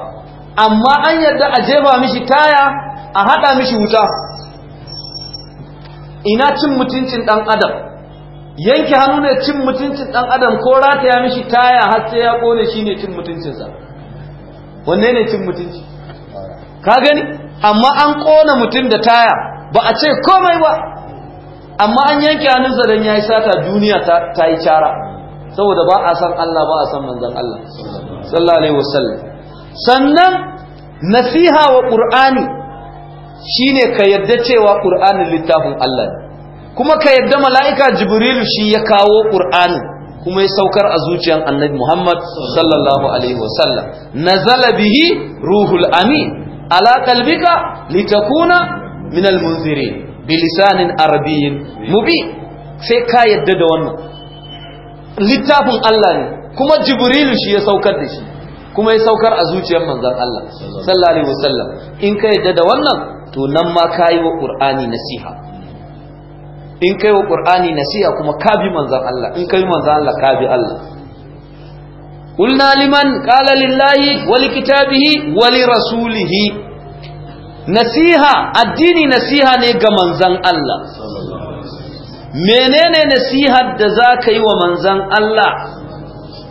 amma an yadda a jefa mishi taya a haɗa mishi wuta ina cin mutuncin ɗan adam yanke hannu ne cin mutuncin ɗan adam ko rataya mishi taya har sai ya kone shi ne cin mutuncinsa wanne ne cin mutunci ka gani amma an kona mutum da taya ba a ce komai ba amma an yanke hannunsa don ya yi sata duniya ta yi cara saboda ba a san Allah ba a san manzon Allah sallallahu alaihi wasallam sannan nasiha wa qur'ani shine ka yadda cewa qur'anin littafin Allah ne kuma ka yadda mala'ika jibrilu shi ya kawo qur'anin kuma ya saukar a zuciyar annabi Muhammad sallallahu alaihi wasallam nazala bihi ruhul amin ala qalbika litakuna min almunzirin bi lisanin arabiyyin mubin sai ka yadda da wannan littafin Allah ne kuma Jibril shi ya saukar da shi kuma ya saukar a zuciyar manzon Allah sallallahu alaihi wasallam in ka yadda da wannan to nan ma kayi wa qur'ani nasiha in kai wa qur'ani nasiha kuma ka bi manzan Allah in kai manzan Allah ka bi Allah qulna liman qala lillahi wa kitabihi wa rasulihi nasiha addini nasiha ne ga manzan Allah menene nasihar da za ka yi wa manzan Allah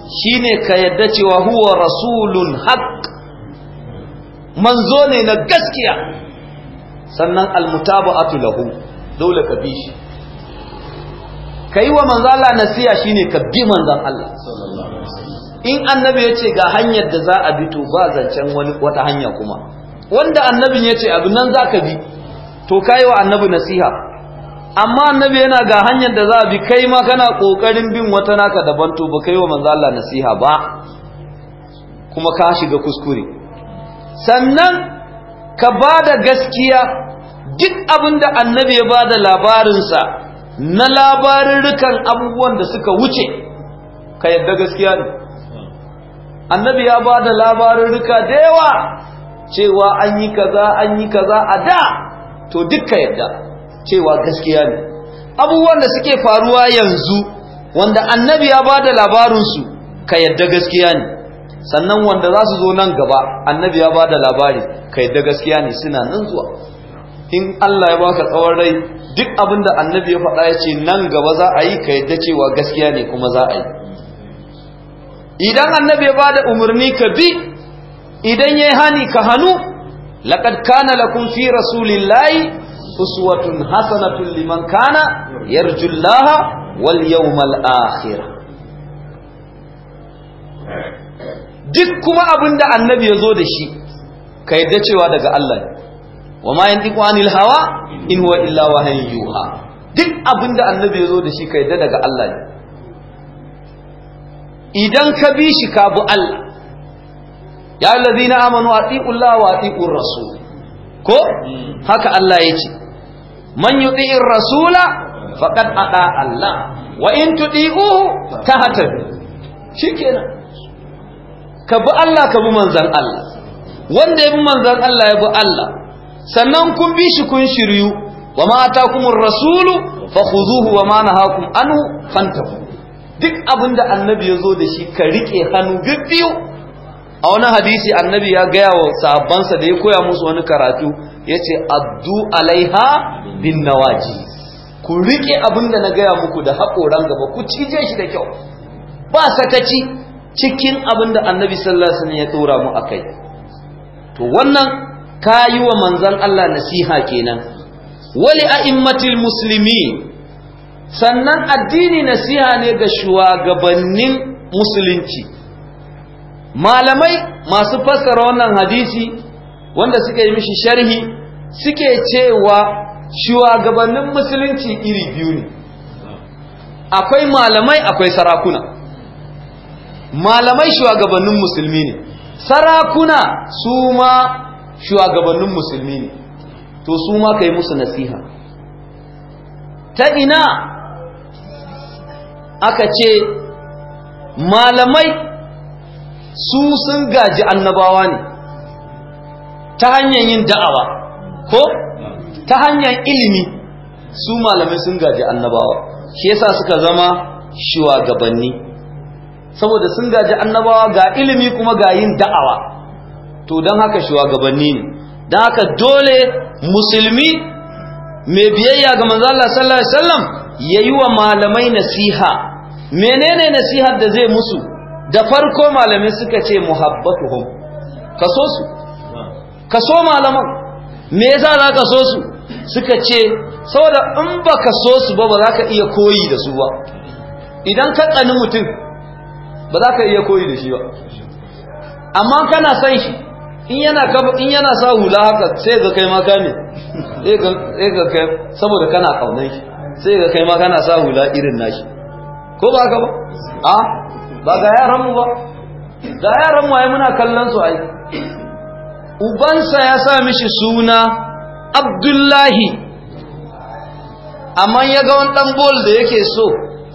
shine ka yadda cewa huwa rasulun haqq manzo ne na gaskiya sannan almutabaatu lahu dole ka bi shi kai wa manzo Allah nasiha shine ka bi manzan Allah in annabi ya ce ga hanyar da za a bi to ba zancen wani wata hanya kuma wanda annabin ce abin nan zaka bi to kai wa annabi nasiha amma annabi yana ga hanyar da za a bi kai ma kana kokarin bin wata naka daban to ba kai wa manzo nasiha ba kuma ka shiga kuskure sannan ka ba da gaskiya duk abinda annabi ya ba da labarinsa na labarurrukan abubuwan da suka wuce ka yadda gaskiya ne annabi ya ba da labarurruka da yawa cewa an yi kaza an yi kaza a da to dukka yadda cewa gaskiya ne abubuwan da suke faruwa yanzu wanda annabi ya ba da labarinsu ka yadda gaskiya ne sannan wanda za su zo nan gaba annabi ya ba da labari ka yadda gaskiya ne suna nan zuwa in Allah ya baka tsawon rai duk abin da annabi ya faɗa ya ce nan gaba za a yi ka yadda cewa gaskiya ne kuma za a yi idan annabi ya bada umarni ka bi idan ya hani ka hannu laqad kana lakum fi rasulillahi uswatun hasanatun liman kana yarjullaha wal yawmal akhir duk kuma abin da annabi ya zo da shi ka yadda cewa daga Allah ne wa ma yantiqu anil hawa in huwa illa wahyun yuha duk abinda annabi ya zo da shi ka yadda daga Allah ne idan ka bi shi ka bi Allah ya allazina amanu a atiullaha wa atiur rasul ko haka Allah ya yake man yuti'ir rasula faqad ata Allah wa in tuɗi uhu ta tuti'uhu tahtadu kenan ka bi Allah ka bi manzan Allah wanda ya bi manzan Allah ya bi Allah sannan kun bi shi kun shiryu wa ma kuma rasulu Fa khuzuhu wa ma nahakum anhu fantahu duk abinda annabi ya zo da shi ka rike hannu biyu a wani hadisi annabi ya gaya wa sahabbansa da ya koya musu wani karatu ya ce addu alaiha bin nawaji ku riƙe abinda na gaya muku da haƙoran gaba ku cije shi da kyau ba sakaci cikin abinda annabi sallallahu alaihi ya tsora mu akai to wannan ka yi wa manzan Allah nasiha kenan wali a'immatil musulmi sannan addini nasiha ne ga shugabannin musulunci malamai masu fassara wannan hadisi wanda suke mishi sharhi suke cewa shugabannin musulunci iri biyu ne akwai malamai akwai sarakuna malamai shugabannin musulmi ne sarakuna su ma shugabannin musulmi ne to su ma ka yi musu nasiha ta ina aka ce malamai su sun gaji annabawa ne ta hanyar yin da'awa ko ta hanyar ilimi su malamai sun gaji annabawa shi yasa suka zama shugabanni saboda sun gaji annabawa ga ilimi kuma ga yin da'awa to don haka shugabanni ne don haka dole musulmi mai biyayya ga manzo Allah sallallahu alaihi wasallam yayi wa malamai nasiha menene nasihar da zai musu da farko malamai suka ce muhabbatuhum kaso su kaso malaman me yasa za ka so su suka ce saboda in baka so su ba ba za ka iya koyi da su ba idan ka tsani mutum ba za ka iya koyi da shi ba amma kana son shi in yana in yana sa hula haka sai ga kai ma ka ne sai ga kai saboda kana kaunan shi sai ga kai ma kana sa hula irin nashi ko ba ka ba a ba ga yaran mu ba ga yaran mu ai muna kallon su ai ubansa ya sa mishi suna Abdullahi amma ya ga wani bol da yake so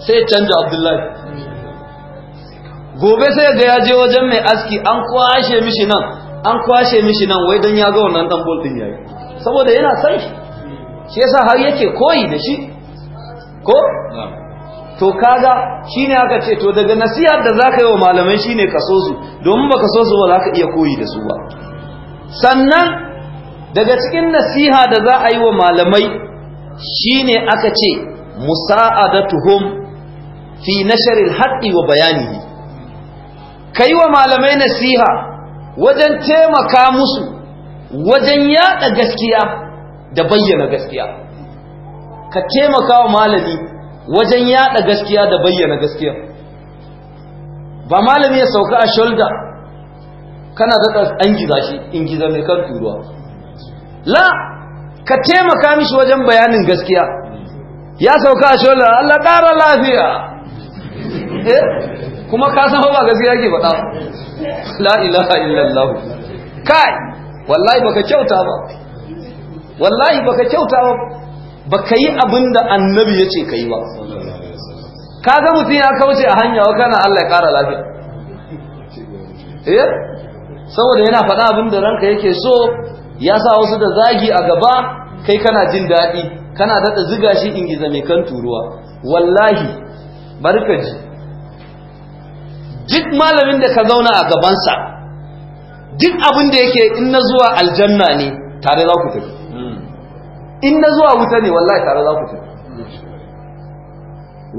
sai canja Abdullahi gobe sai ga ya je wajen mai aski an kwashe mishi nan an kwashe mishi nan wai don ya ga wannan dan bol din yayi saboda yana san shi shi yasa har yake koyi da shi ko to kaga shine aka ce to daga nasihar da zaka yi wa malamai shine ka su domin baka so su ba zaka iya koyi da su ba sannan daga cikin nasiha da za a yi wa malamai shine aka ce musa'adatuhum fi nashr al-haqqi wa bayanihi kai wa malamai nasiha wajen taimaka musu wajen yada gaskiya da bayyana gaskiya ka taimaka wa malami wajen yada gaskiya da bayyana gaskiya ba malami ya sauka a sholda kana daɗa an giza shi in giza mai kan turuwa la ka taimaka mishi wajen bayanin gaskiya ya sauka a sholda, Allah ƙara lafiya eh, kuma ka san ba gaskiya ke faɗa la ilaha illallah kai wallahi baka kyauta ba wallahi baka kyauta ba baka yi abinda annabi yace kai ba ka ga mutum ya kauce a hanya wa kana Allah ya kara lafiya eh saboda yana faɗa abinda ranka yake so ya sa wasu da zagi a gaba kai kana jin daɗi kana daɗa ziga shi ingiza mai kan turuwa wallahi barkaji duk malamin da ka zauna a gabansa duk abin da yake in na zuwa aljanna ne tare za ku tafi in na zuwa wuta ne wallahi tare za ku tafi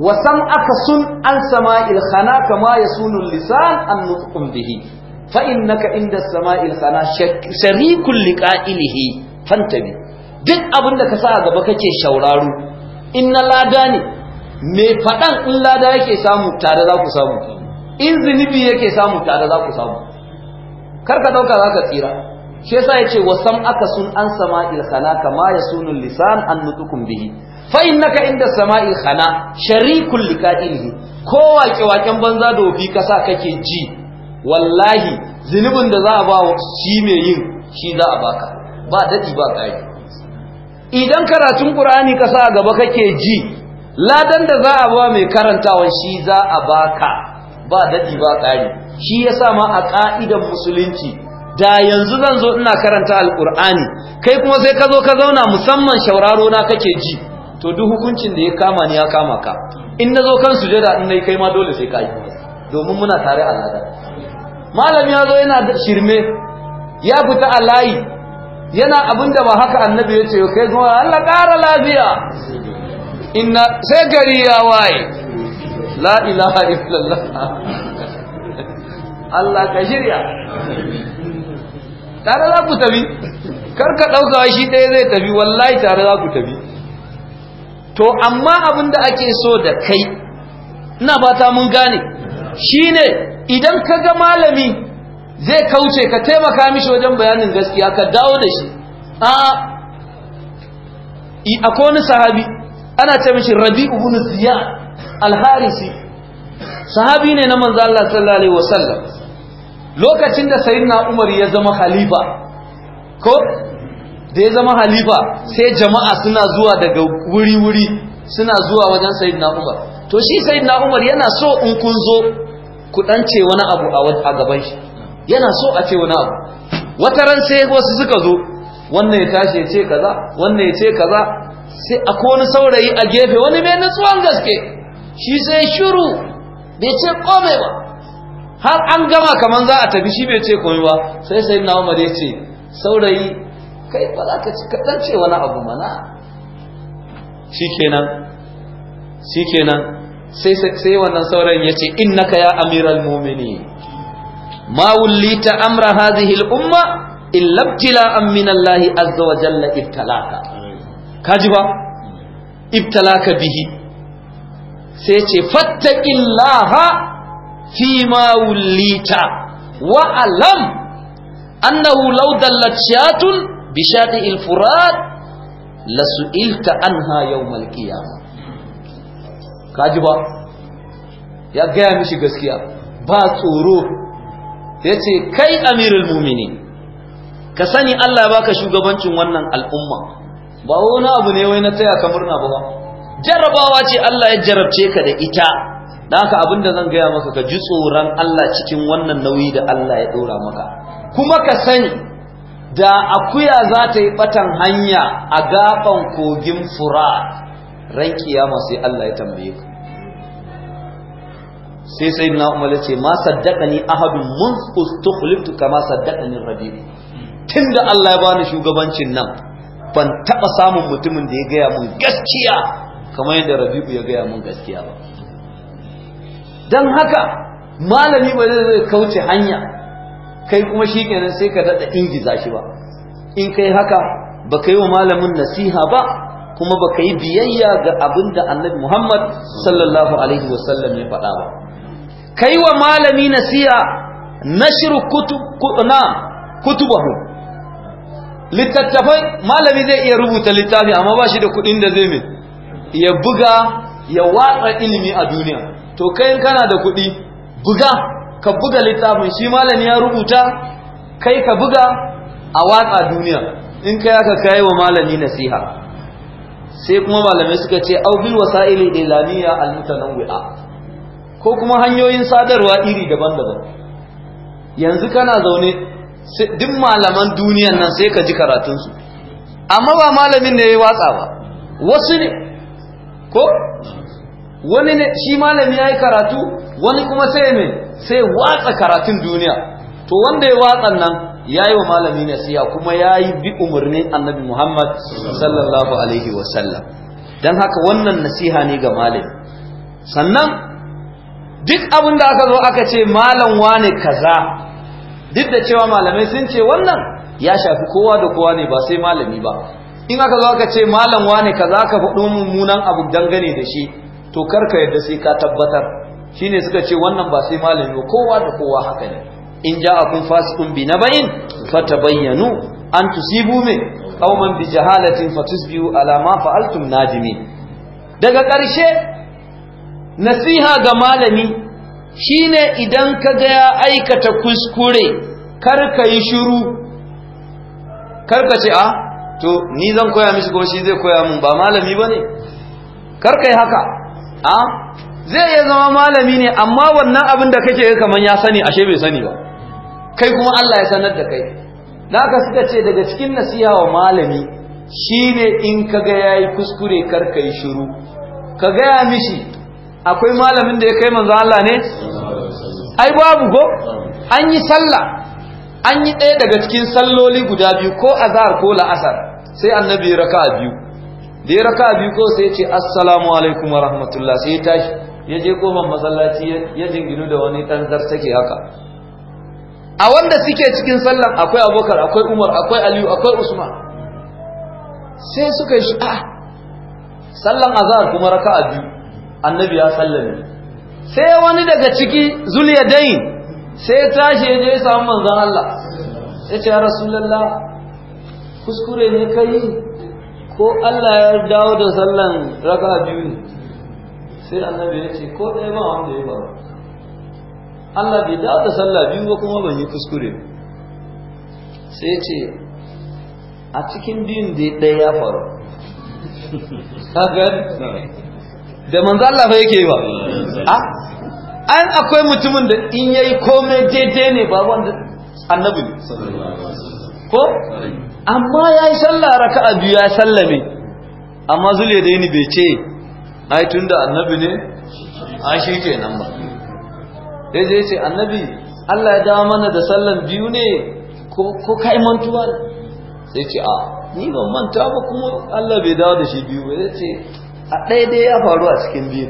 wasan aka sun an sama ilhana kama ya sunun lisan an nutqum bihi fa innaka inda sama ilhana sharikul liqa'ilihi fantabi duk abin da ka sa a gaba kake shauraro in na lada ne me faɗan in lada yake samu tare za ku samu in zunubi yake samu tare za ku samu kar ka dauka za ka tsira shi yasa ya ce wasan aka sun an sama'il khana kama yasunul lisan an nutukum bihi fa innaka inda sama'il khana sharikul lika'ilihi ko waƙe waƙen banza da wofi kasa kake ji wallahi zunubin da za a ba shi mai yin shi za a baka ba dadi ba kai idan karatun qur'ani kasa gaba kake ji ladan da za a ba mai karantawa shi za a baka ba daɗi ba ƙari shi ya sa ma a ƙa'idan musulunci da yanzu zan zo ina karanta alƙur'ani kai kuma sai ka zo ka zauna musamman shauraro na kake ji to duk hukuncin da ya kama ni ya kama ka in na zo kan sujada in nai kai ma dole sai ka yi domin muna tare a ladan malami ya zo yana shirme ya fita a layi yana abin da ba haka annabi ya ce kai kuma Allah ƙara lafiya inna sai gari ya waye la ilaha illallah Allah ka shirya tare za ku tafi kar ka ɗauka shi ɗaya zai tafi wallahi tare za ku tafi to amma abin da ake so da kai ina ta mun gane shine idan ka ga malami zai kauce ka taimaka mishi wajen bayanin gaskiya ka dawo da shi a akwai wani sahabi ana ce mishi rabi'u bin ziyad al-harisi sahabi ne na manzo Allah sallallahu alaihi wasallam lokacin da sayyidina umar ya zama khalifa ko da ya zama halifa sai jama'a suna zuwa daga wuri-wuri suna zuwa wajen sayyidina umar to shi sayyidina umar yana so in kun zo ku dance wani abu a gaban shi yana so a ce wani abu wata ran sai wasu suka zo wannan ya tashi ya ce kaza wannan ya ce kaza sai akwai wani saurayi a gefe wani mai nutsuwan gaske shi sai shiru bai ce kome ba har an gama kaman za a tafi shi bai ce kome ba sai sai na umar ya ce saurayi kai ba za ka kaɗan ce wani abu mana shi kenan shi kenan sai wannan saurayin ya ce innaka ya amiral mumini ma wullita amra hadhihi al-umma illa ibtila'an min Allah azza wa jalla ibtalaka kaji ba ibtalaka bihi sai ce fattaqillaha fi ma wulita wa alam annahu law dallat shiyatun bi furat lasu'ilta anha yawmal qiyamah kaji ba ya gaya mishi gaskiya ba tsoro yace kai amirul mu'minin ka sani Allah ya baka shugabancin wannan al'umma ba wani abu ne wai na taya ka murna ba Jarabawa ce Allah ya jarabce ka da ita da haka abinda zan gaya maka ka ji tsoron Allah cikin wannan nauyi da Allah ya ɗora maka kuma ka sani da akuya za ta yi batan hanya a gaban kogin fura ran kiyama sai Allah ya tambaye ka sai sai na umar ce ma ni ahadun mun ustukhliftu kama saddaqani rabi'i tunda Allah ya bani shugabancin nan ban taɓa samun mutumin da ya gaya mun gaskiya kamar yadda rabi'u ya gaya mun gaskiya ba don haka malami ba zai kauce hanya kai kuma shi kenan sai ka daɗa ingiza shi ba in kai haka ba ka yi wa malamin nasiha ba kuma ba ka yi biyayya ga abin da annabi muhammad sallallahu alaihi wasallam ya faɗa ba ka yi wa malami nasiha na shiru kutubahu littattafai malami zai iya rubuta littafi amma ba shi da kuɗin da zai mai ya buga ya watsa ilimi a duniya to kai kana da kuɗi buga ka buga littafin shi malami ya rubuta kai ka buga a watsa duniya in kai aka kai wa malami nasiha sai kuma malamai suka ce au bil wasa'il ilaniya al mutanawwi'a ko kuma hanyoyin sadarwa iri daban-daban yanzu kana zaune duk malaman duniyan nan sai ka ji karatunsu amma ba malamin ne ya yi watsa ba wasu ne ko wani ne shi malami ya yi karatu wani kuma sai mai sai watsa karatun duniya to wanda ya watsan nan ya yi wa malami nasiha kuma ya yi bi umarnin annabi muhammad sallallahu alaihi wasallam don haka wannan nasiha ne ga malami sannan duk abin da aka zo aka ce malam wane kaza duk da cewa malamai sun ce wannan ya shafi kowa da kowa ne ba sai malami ba in aka zo ka ce malam wane ka za ka faɗo mummunan abu dangane da shi to karka yadda sai ka tabbatar shine suka ce wannan ba sai malami ba kowa da kowa haka ne in ja ja'akum fasikun bi naba'in fatabayyanu an tusibu min qauman bi jahalatin fatusbihu ala ma fa'altum najimin daga ƙarshe nasiha ga malami shine idan ka ga ya aikata kuskure kar ka yi shiru kar ka ce a ah, to ni zan koya mishi ko shi zai koya mun ba malami ba ne kai haka a zai iya zama malami ne amma wannan abin da kake kamar ya sani ashe bai sani ba kai kuma Allah ya sanar da kai naka suka ce daga cikin nasiha wa malami shine in kaga yayi kuskure kar kai shiru ka gaya mishi akwai malamin da ya kai manzo Allah ne ai babu ko. an yi sallah an yi ɗaya daga cikin salloli guda biyu ko azhar ko la'asar sai annabi raka'a biyu da ya raka'a biyu ko sai ya ce assalamu alaikum wa rahmatullah sai ya tashi ya je kofar masallaci ya jinginu da wani dan zartake haka a wanda suke cikin sallan akwai abubakar akwai umar akwai aliyu akwai usman sai suka yi shi'a ah, sallan azhar kuma raka'a biyu annabi ya sallame sai wani daga ciki zuliyadain sai ya tashi ya je samun manzon Allah ya ce ya rasulullah kuskure ne ka yi ko Allah ya dawo da sallan raka biyu ne sai annabi ya ce ko ɗaya ba wanda ya ba. Allah bai dawo da sallah biyu ba kuma ban yi kuskure sai ce a cikin biyun da ɗaya ya faru da manzo Allah fa yake ba a an akwai mutumin da in yayi komai daidai ne ba wanda annabi ko amma ya yi sallah raka a biyu ya sallame amma zule da yini bai ce ai tun da annabi ne a shi ke nan ba ya zai ce annabi allah ya dawo mana da sallan biyu ne ko kai mantuwa sai ce a ni ban manta ba kuma allah bai dawo da shi biyu ba zai ce a ɗaya dai ya faru a cikin biyu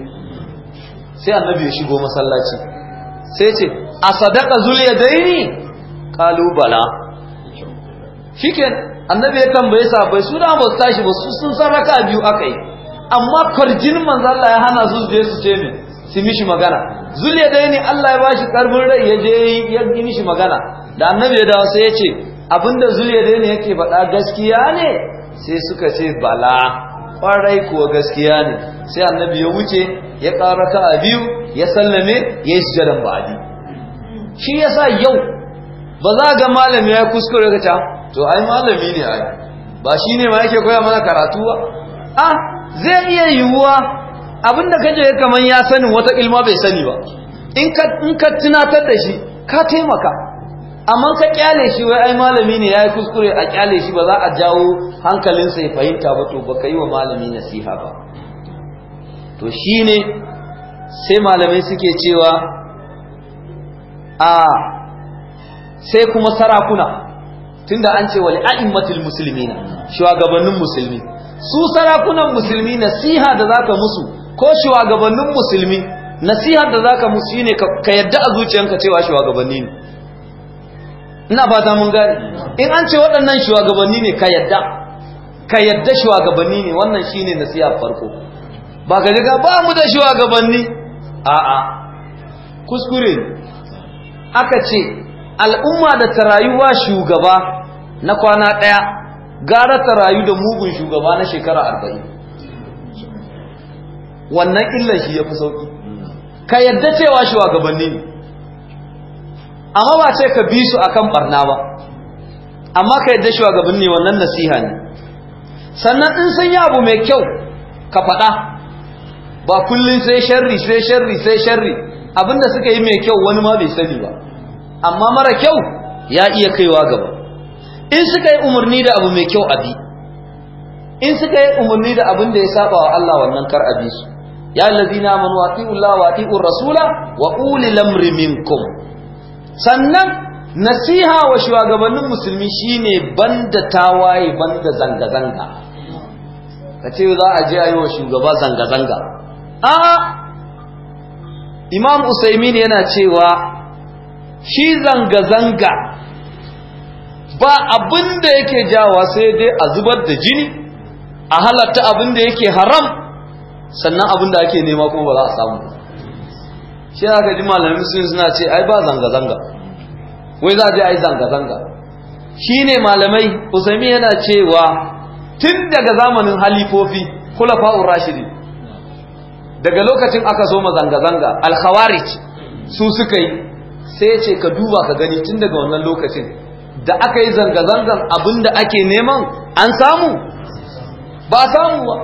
sai annabi ya shigo masallaci sai ce a sadaka zule da yini kalubala shiken annabi ya tambaye bai su da ba su tashi ba su sun san raka biyu aka yi amma kwarjin manzo Allah ya hana su je su ce min su mishi magana zulle dai ne Allah ya bashi karbin rai ya je ya yi mishi magana da annabi ya dawo sai ya ce abinda zulle dai ne yake faɗa gaskiya ne sai suka ce bala kwarai kuwa gaskiya ne sai annabi ya wuce ya ƙara ka a biyu ya sallame ya yi sujadan ba'adi shi yasa yau ba za ga malami ya kuskure ka ta to ai malami ne ai ba shi ne ma yake koya mana karatu ba ah zai iya yiwuwa abinda kaje kaman ya sani wata ilma bai sani ba in ka in ka tunatar da shi ka taimaka amma ka kyale shi wai ai malami ne ya yi kuskure a kyale shi ba za a jawo hankalinsa ya fahimta ba to baka yi wa malami nasiha ba to shine sai malamai suke cewa a sai kuma sarakuna tunda an ce wali a'immatul muslimina shugabannin musulmi su sarakunan musulmi nasiha da zaka musu ko shugabannin musulmi nasiha da zaka musu shine ka yadda a zuciyanka cewa shugabanni ne ina ba ta mun gane in an ce waɗannan shugabanni ne ka yadda ka yadda shugabanni ne wannan shine nasiha farko ba ka ga ba mu da shugabanni a'a kuskure aka ce al'umma da ta rayuwa shugaba na kwana ɗaya gara ta rayu da mugun shugaba na shekara arba'in wannan illan shi ya fi sauƙi ka yadda cewa shugabanni ne amma ba ce ka bi su akan barna ba amma ka yadda ne wannan nasiha ne sannan in sun yi abu mai kyau ka faɗa ba kullum sai sharri sai sharri sai sharri abinda suka yi mai kyau wani ma bai sani ba amma mara kyau ya iya kaiwa gaba in suka yi umarni da abu mai kyau abi in suka yi umarni da abin da ya saba wa Allah wannan kar abi su ya allazina amanu atiu Allah wa atiu rasula wa ulil lamri minkum sannan nasiha wa shugabannin musulmi shine banda tawaye banda zanga zanga kace za a je ayo shugaba zanga zanga a Imam Usaimin yana cewa shi zanga zanga ba abinda yake jawa sai dai a zubar da jini a halatta abinda yake haram sannan abin da ake nema kuma ba za a samu shi ya ka ji malamin sun suna ce ai ba zanga-zanga wai za a je ai zanga-zanga shi ne malamai usami yana cewa tun daga zamanin halifofi kula fa'un rashidi daga lokacin aka so ma zanga-zanga alkhawarij su suka yi sai ce ka duba ka gani tun daga wannan lokacin da aka yi zanga-zangan abin da ake neman an samu ba samu ba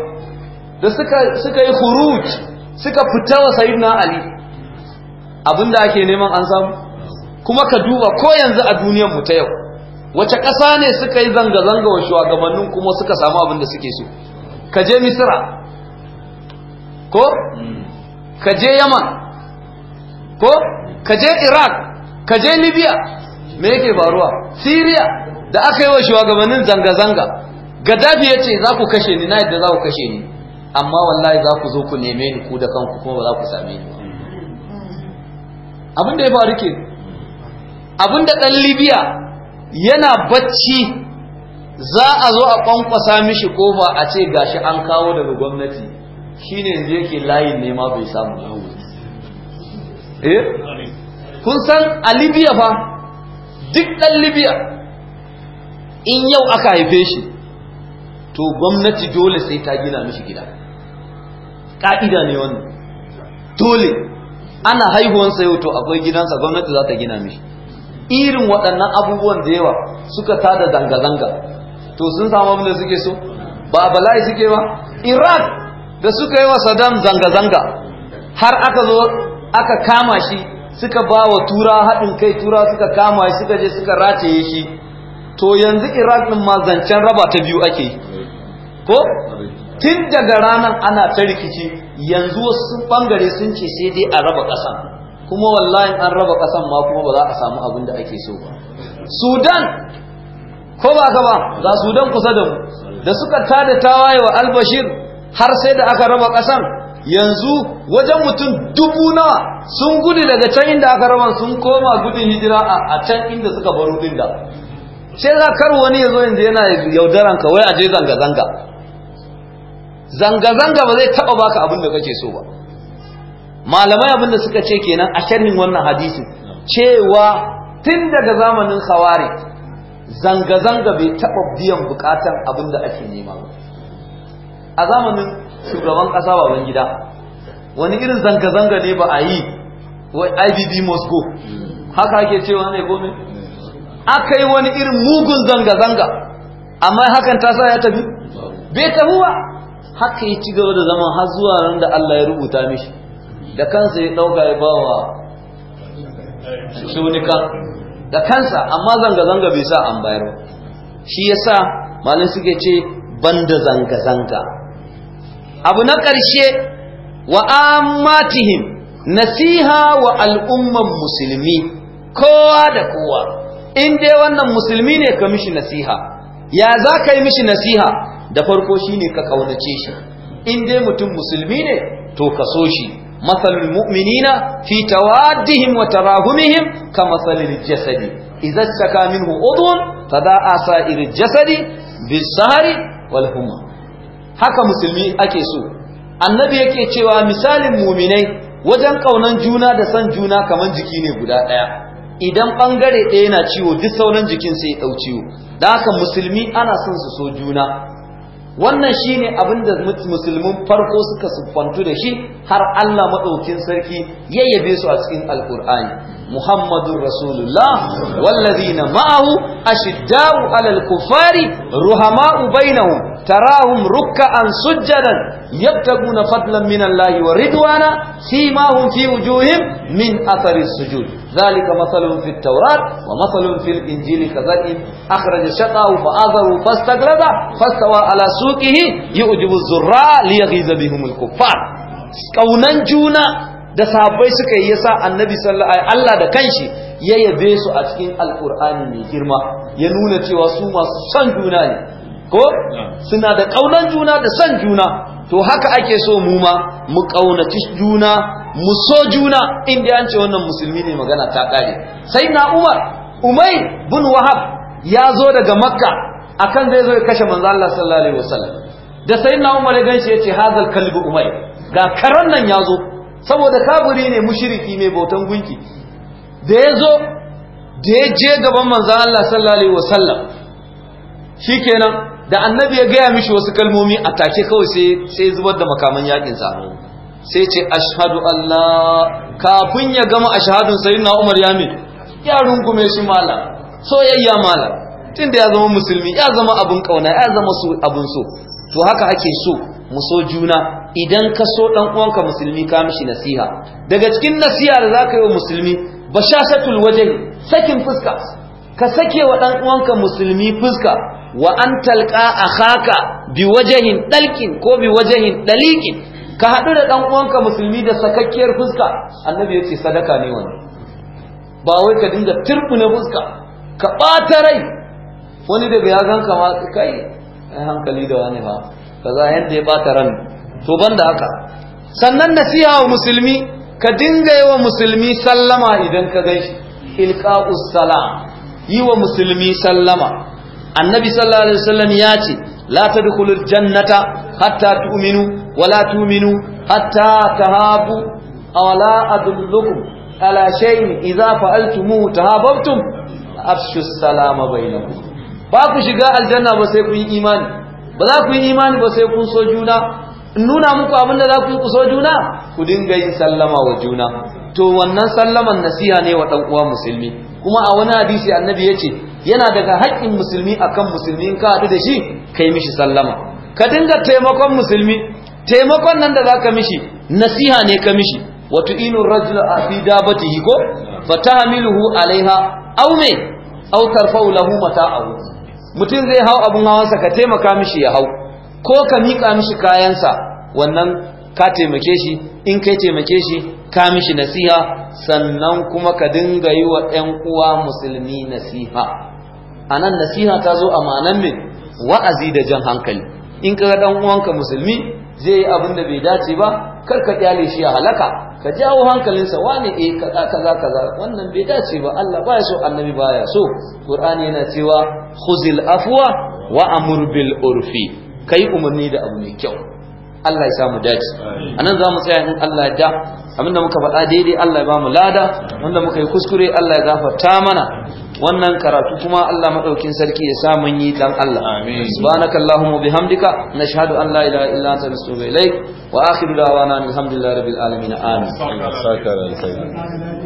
da suka yi huruj suka fita wa sayidina ali abin da ake neman an samu kuma ka duba ko yanzu a duniyar mu ta yau wace ƙasa ne suka yi zanga-zanga wa shugabannin kuma suka samu abin da suke so ka je misira ko ka je yaman ko ka je iraq ka je libya me yake faruwa siriya da aka yi wa shugabannin zanga-zanga Gaddafi ya ce za ku kashe ni na yadda za ku kashe ni amma wallahi za ku zo ku neme ni ku da kanku kuma ba za ku same ni abin da ya faru ke abin da ɗan Libya yana bacci za a zo a kwankwasa mishi kofa a ce gashi an kawo daga gwamnati shine yanzu yake layin nema bai samu eh kun san a libya fa duk ɗan libya in yau aka haife shi to gwamnati dole sai ta gina mishi gida ƙa'ida ne wannan dole ana haihuwansa yau to akwai gidansa gwamnati za ta gina mishi irin waɗannan abubuwan da yawa suka tada zanga-zanga to sun samu abin da suke so ba a bala'i suke ba iraq da suka yi wa saddam zanga-zanga har aka zo aka kama shi suka ba wa tura haɗin kai tura suka kama shi suka je suka rataye shi to yanzu iraq ɗin ma zancen raba ta biyu ake ko tun daga ranar ana ta rikici yanzu wasu bangare sun ce sai dai a raba ƙasan kuma wallahi an raba ƙasan ma kuma ba za a samu abin da ake so ba sudan ko ba ka ba ga sudan kusa da mu da suka tada tawaye wa albashir har sai da aka raba ƙasan yanzu wajen mutum dubu na sun gudu daga can inda aka rawan sun koma gudun hijira a can inda suka baro din da sai za kar wani ya zo yanzu yana yaudaran kawai wai a je zanga-zanga zanga-zanga ba zai taɓa baka abin da kake so ba malamai abin da suka ce kenan a sharhin wannan hadisin cewa tun daga zamanin khawari zanga-zanga bai taɓa biyan bukatan abin da ake nema ba a zamanin shugaban ƙasa baban gida wani irin zanga-zanga ne ba a yi wai ibb Moscow? haka ake cewa ne gomi aka yi wani irin mugun zanga-zanga amma hakan ta sa ya tafi bai tafi ba haka ya cigaba da zaman har zuwa nan da Allah ya rubuta mishi da kansa ya ɗauka ya ba wa shunika da kansa amma zanga-zanga bai sa an bayar shi yasa malin suke ce banda zanga-zanga abu na ƙarshe wa amatihim nasiha wa al'umman musulmi kowa da kowa in dai wannan musulmi ne ka mishi nasiha ya za ka yi mishi nasiha da farko shine ka kaunace shi in dai mutum musulmi ne to ka so shi مثل المؤمنين wa tarahumihim ka كمثل jasadi. إذا اشتكى منه أضو فذا آسائر jasadi, بالسهر والهمم haka musulmi ake so annabi yake cewa misalin muminai wajen kaunan juna da san juna kaman jiki ne guda ɗaya idan ɓangare ɗaya yana ciwo duk sauran jikin sai ya ɗau ciwo da haka musulmi ana son su so juna wannan shine abin da musulmin farko suka siffantu da shi har Allah madaukin sarki ya yabe su a cikin alkur'ani muhammadun rasulullah wallazina ma'ahu ashidda'u alal kufari ruhama'u bainahum tarahum rukka'an sujjadan yabtaguna fadlan min Allah wa ridwana simahum fi wujuhim min athari sujud dhalika mathalun fit tawrat wa mathalun fil injil kadhalika akhraja shaqahu fa adharu fastagrada fastawa ala suqihi yu'jibu zurra liyaghiza bihim al kuffar kaunan juna da sahabbai suka yi sa annabi sallallahu Allah da kanshi ya yabe su a cikin Alƙur'ani mai girma ya nuna cewa su masu son juna ne ko suna da kaunan juna da san juna to haka ake so mu ma mu ƙaunaci juna mu so juna inda an ce wannan musulmi ne magana ta ƙare sai na umar umai bin wahab ya zo daga makka akan zai zo ya kashe manzo Allah sallallahu alaihi wasallam da sai na umar ya ganshi ya ce hazal kalbu umai ga karan nan ya zo saboda kafiri ne mushriki mai bautan gunki da ya zo da ya je gaban manzo Allah sallallahu alaihi wasallam shikenan da annabi ya gaya mishi wasu kalmomi a take kawai sai sai zubar da makaman yakin sa sai ce ashhadu allah kafin ya gama ashhadu sayyidina umar ya min ya rungume shi mala soyayya mala tunda ya zama musulmi ya zama abun kauna ya zama su abun so to haka ake so mu so juna idan ka so dan uwanka musulmi ka mishi nasiha daga cikin nasiha da zaka yi wa musulmi bashashatul wajhi sakin fuska ka sake wa dan uwanka musulmi fuska wa an talqa akhaka biwajhin dalqin ko biwajhin daliqin ka hadu da dan uwanka musulmi da sakakkiyar fuska annabi yace sadaka ne wannan ba wai ka dinga turbuna fuska ka bata rai wani daga ya ganka ma kai hankali da wani ba kaza yanda ya bata ran to banda haka sannan nasiha wa musulmi ka dinga yi wa musulmi sallama idan ka gaishe ilqa'us salam yi wa musulmi sallama annabi sallallahu alaihi wasallam ya ce la tadkhulul jannata hatta tu'minu wa la tu'minu hatta tahabu aw la adullukum ala shay'in idza fa'altumuhu tahabbtum afshu salama bainakum ba ku shiga aljanna ba sai ku yi imani ba za ku yi imani ba sai kun so juna in nuna muku abin da za ku yi ku so juna ku dinga yin sallama wa juna to wannan sallaman nasiha ne wa dan uwa musulmi kuma a wani hadisi annabi ya ce yana daga haƙƙin musulmi a kan musulmi ka haɗu da shi ka yi mishi sallama ka dinga taimakon musulmi taimakon nan da za ka mishi nasiha ne ka mishi wato inu rajula a fi dabatihi ko fa tahmiluhu alaiha au me au karfau lahu mutum zai hau abun hawansa ka taimaka mishi ya hau ko ka miƙa mishi kayansa wannan ka taimake shi in kai taimake shi ka mishi nasiha sannan kuma ka dinga yi wa ɗan uwa musulmi nasiha anan nasiha ta zo a ma'anan min wa'azi da jan hankali in ka ga ɗan uwanka musulmi zai yi abin da bai dace ba kar ka kyale shi a halaka ka jawo hankalinsa wane eh kaza kaza kaza wannan bai dace ba Allah baya so annabi baya so qur'ani yana cewa khuzil afwa wa amur bil urfi kai umarni da abu mai kyau Allah ya sa mu dace anan za mu tsaya in Allah ya da abinda muka faɗa daidai Allah ya ba mu lada wanda muka yi kuskure Allah ya gafarta mana wannan karatu kuma Allah madaukin sarki ya sa mun yi dan Allah amin subhanakallahumma bihamdika nashhadu an la ilaha illa anta nastaghfiruka wa ilaik wa akhiru da'wana alhamdulillahi rabbil alamin amin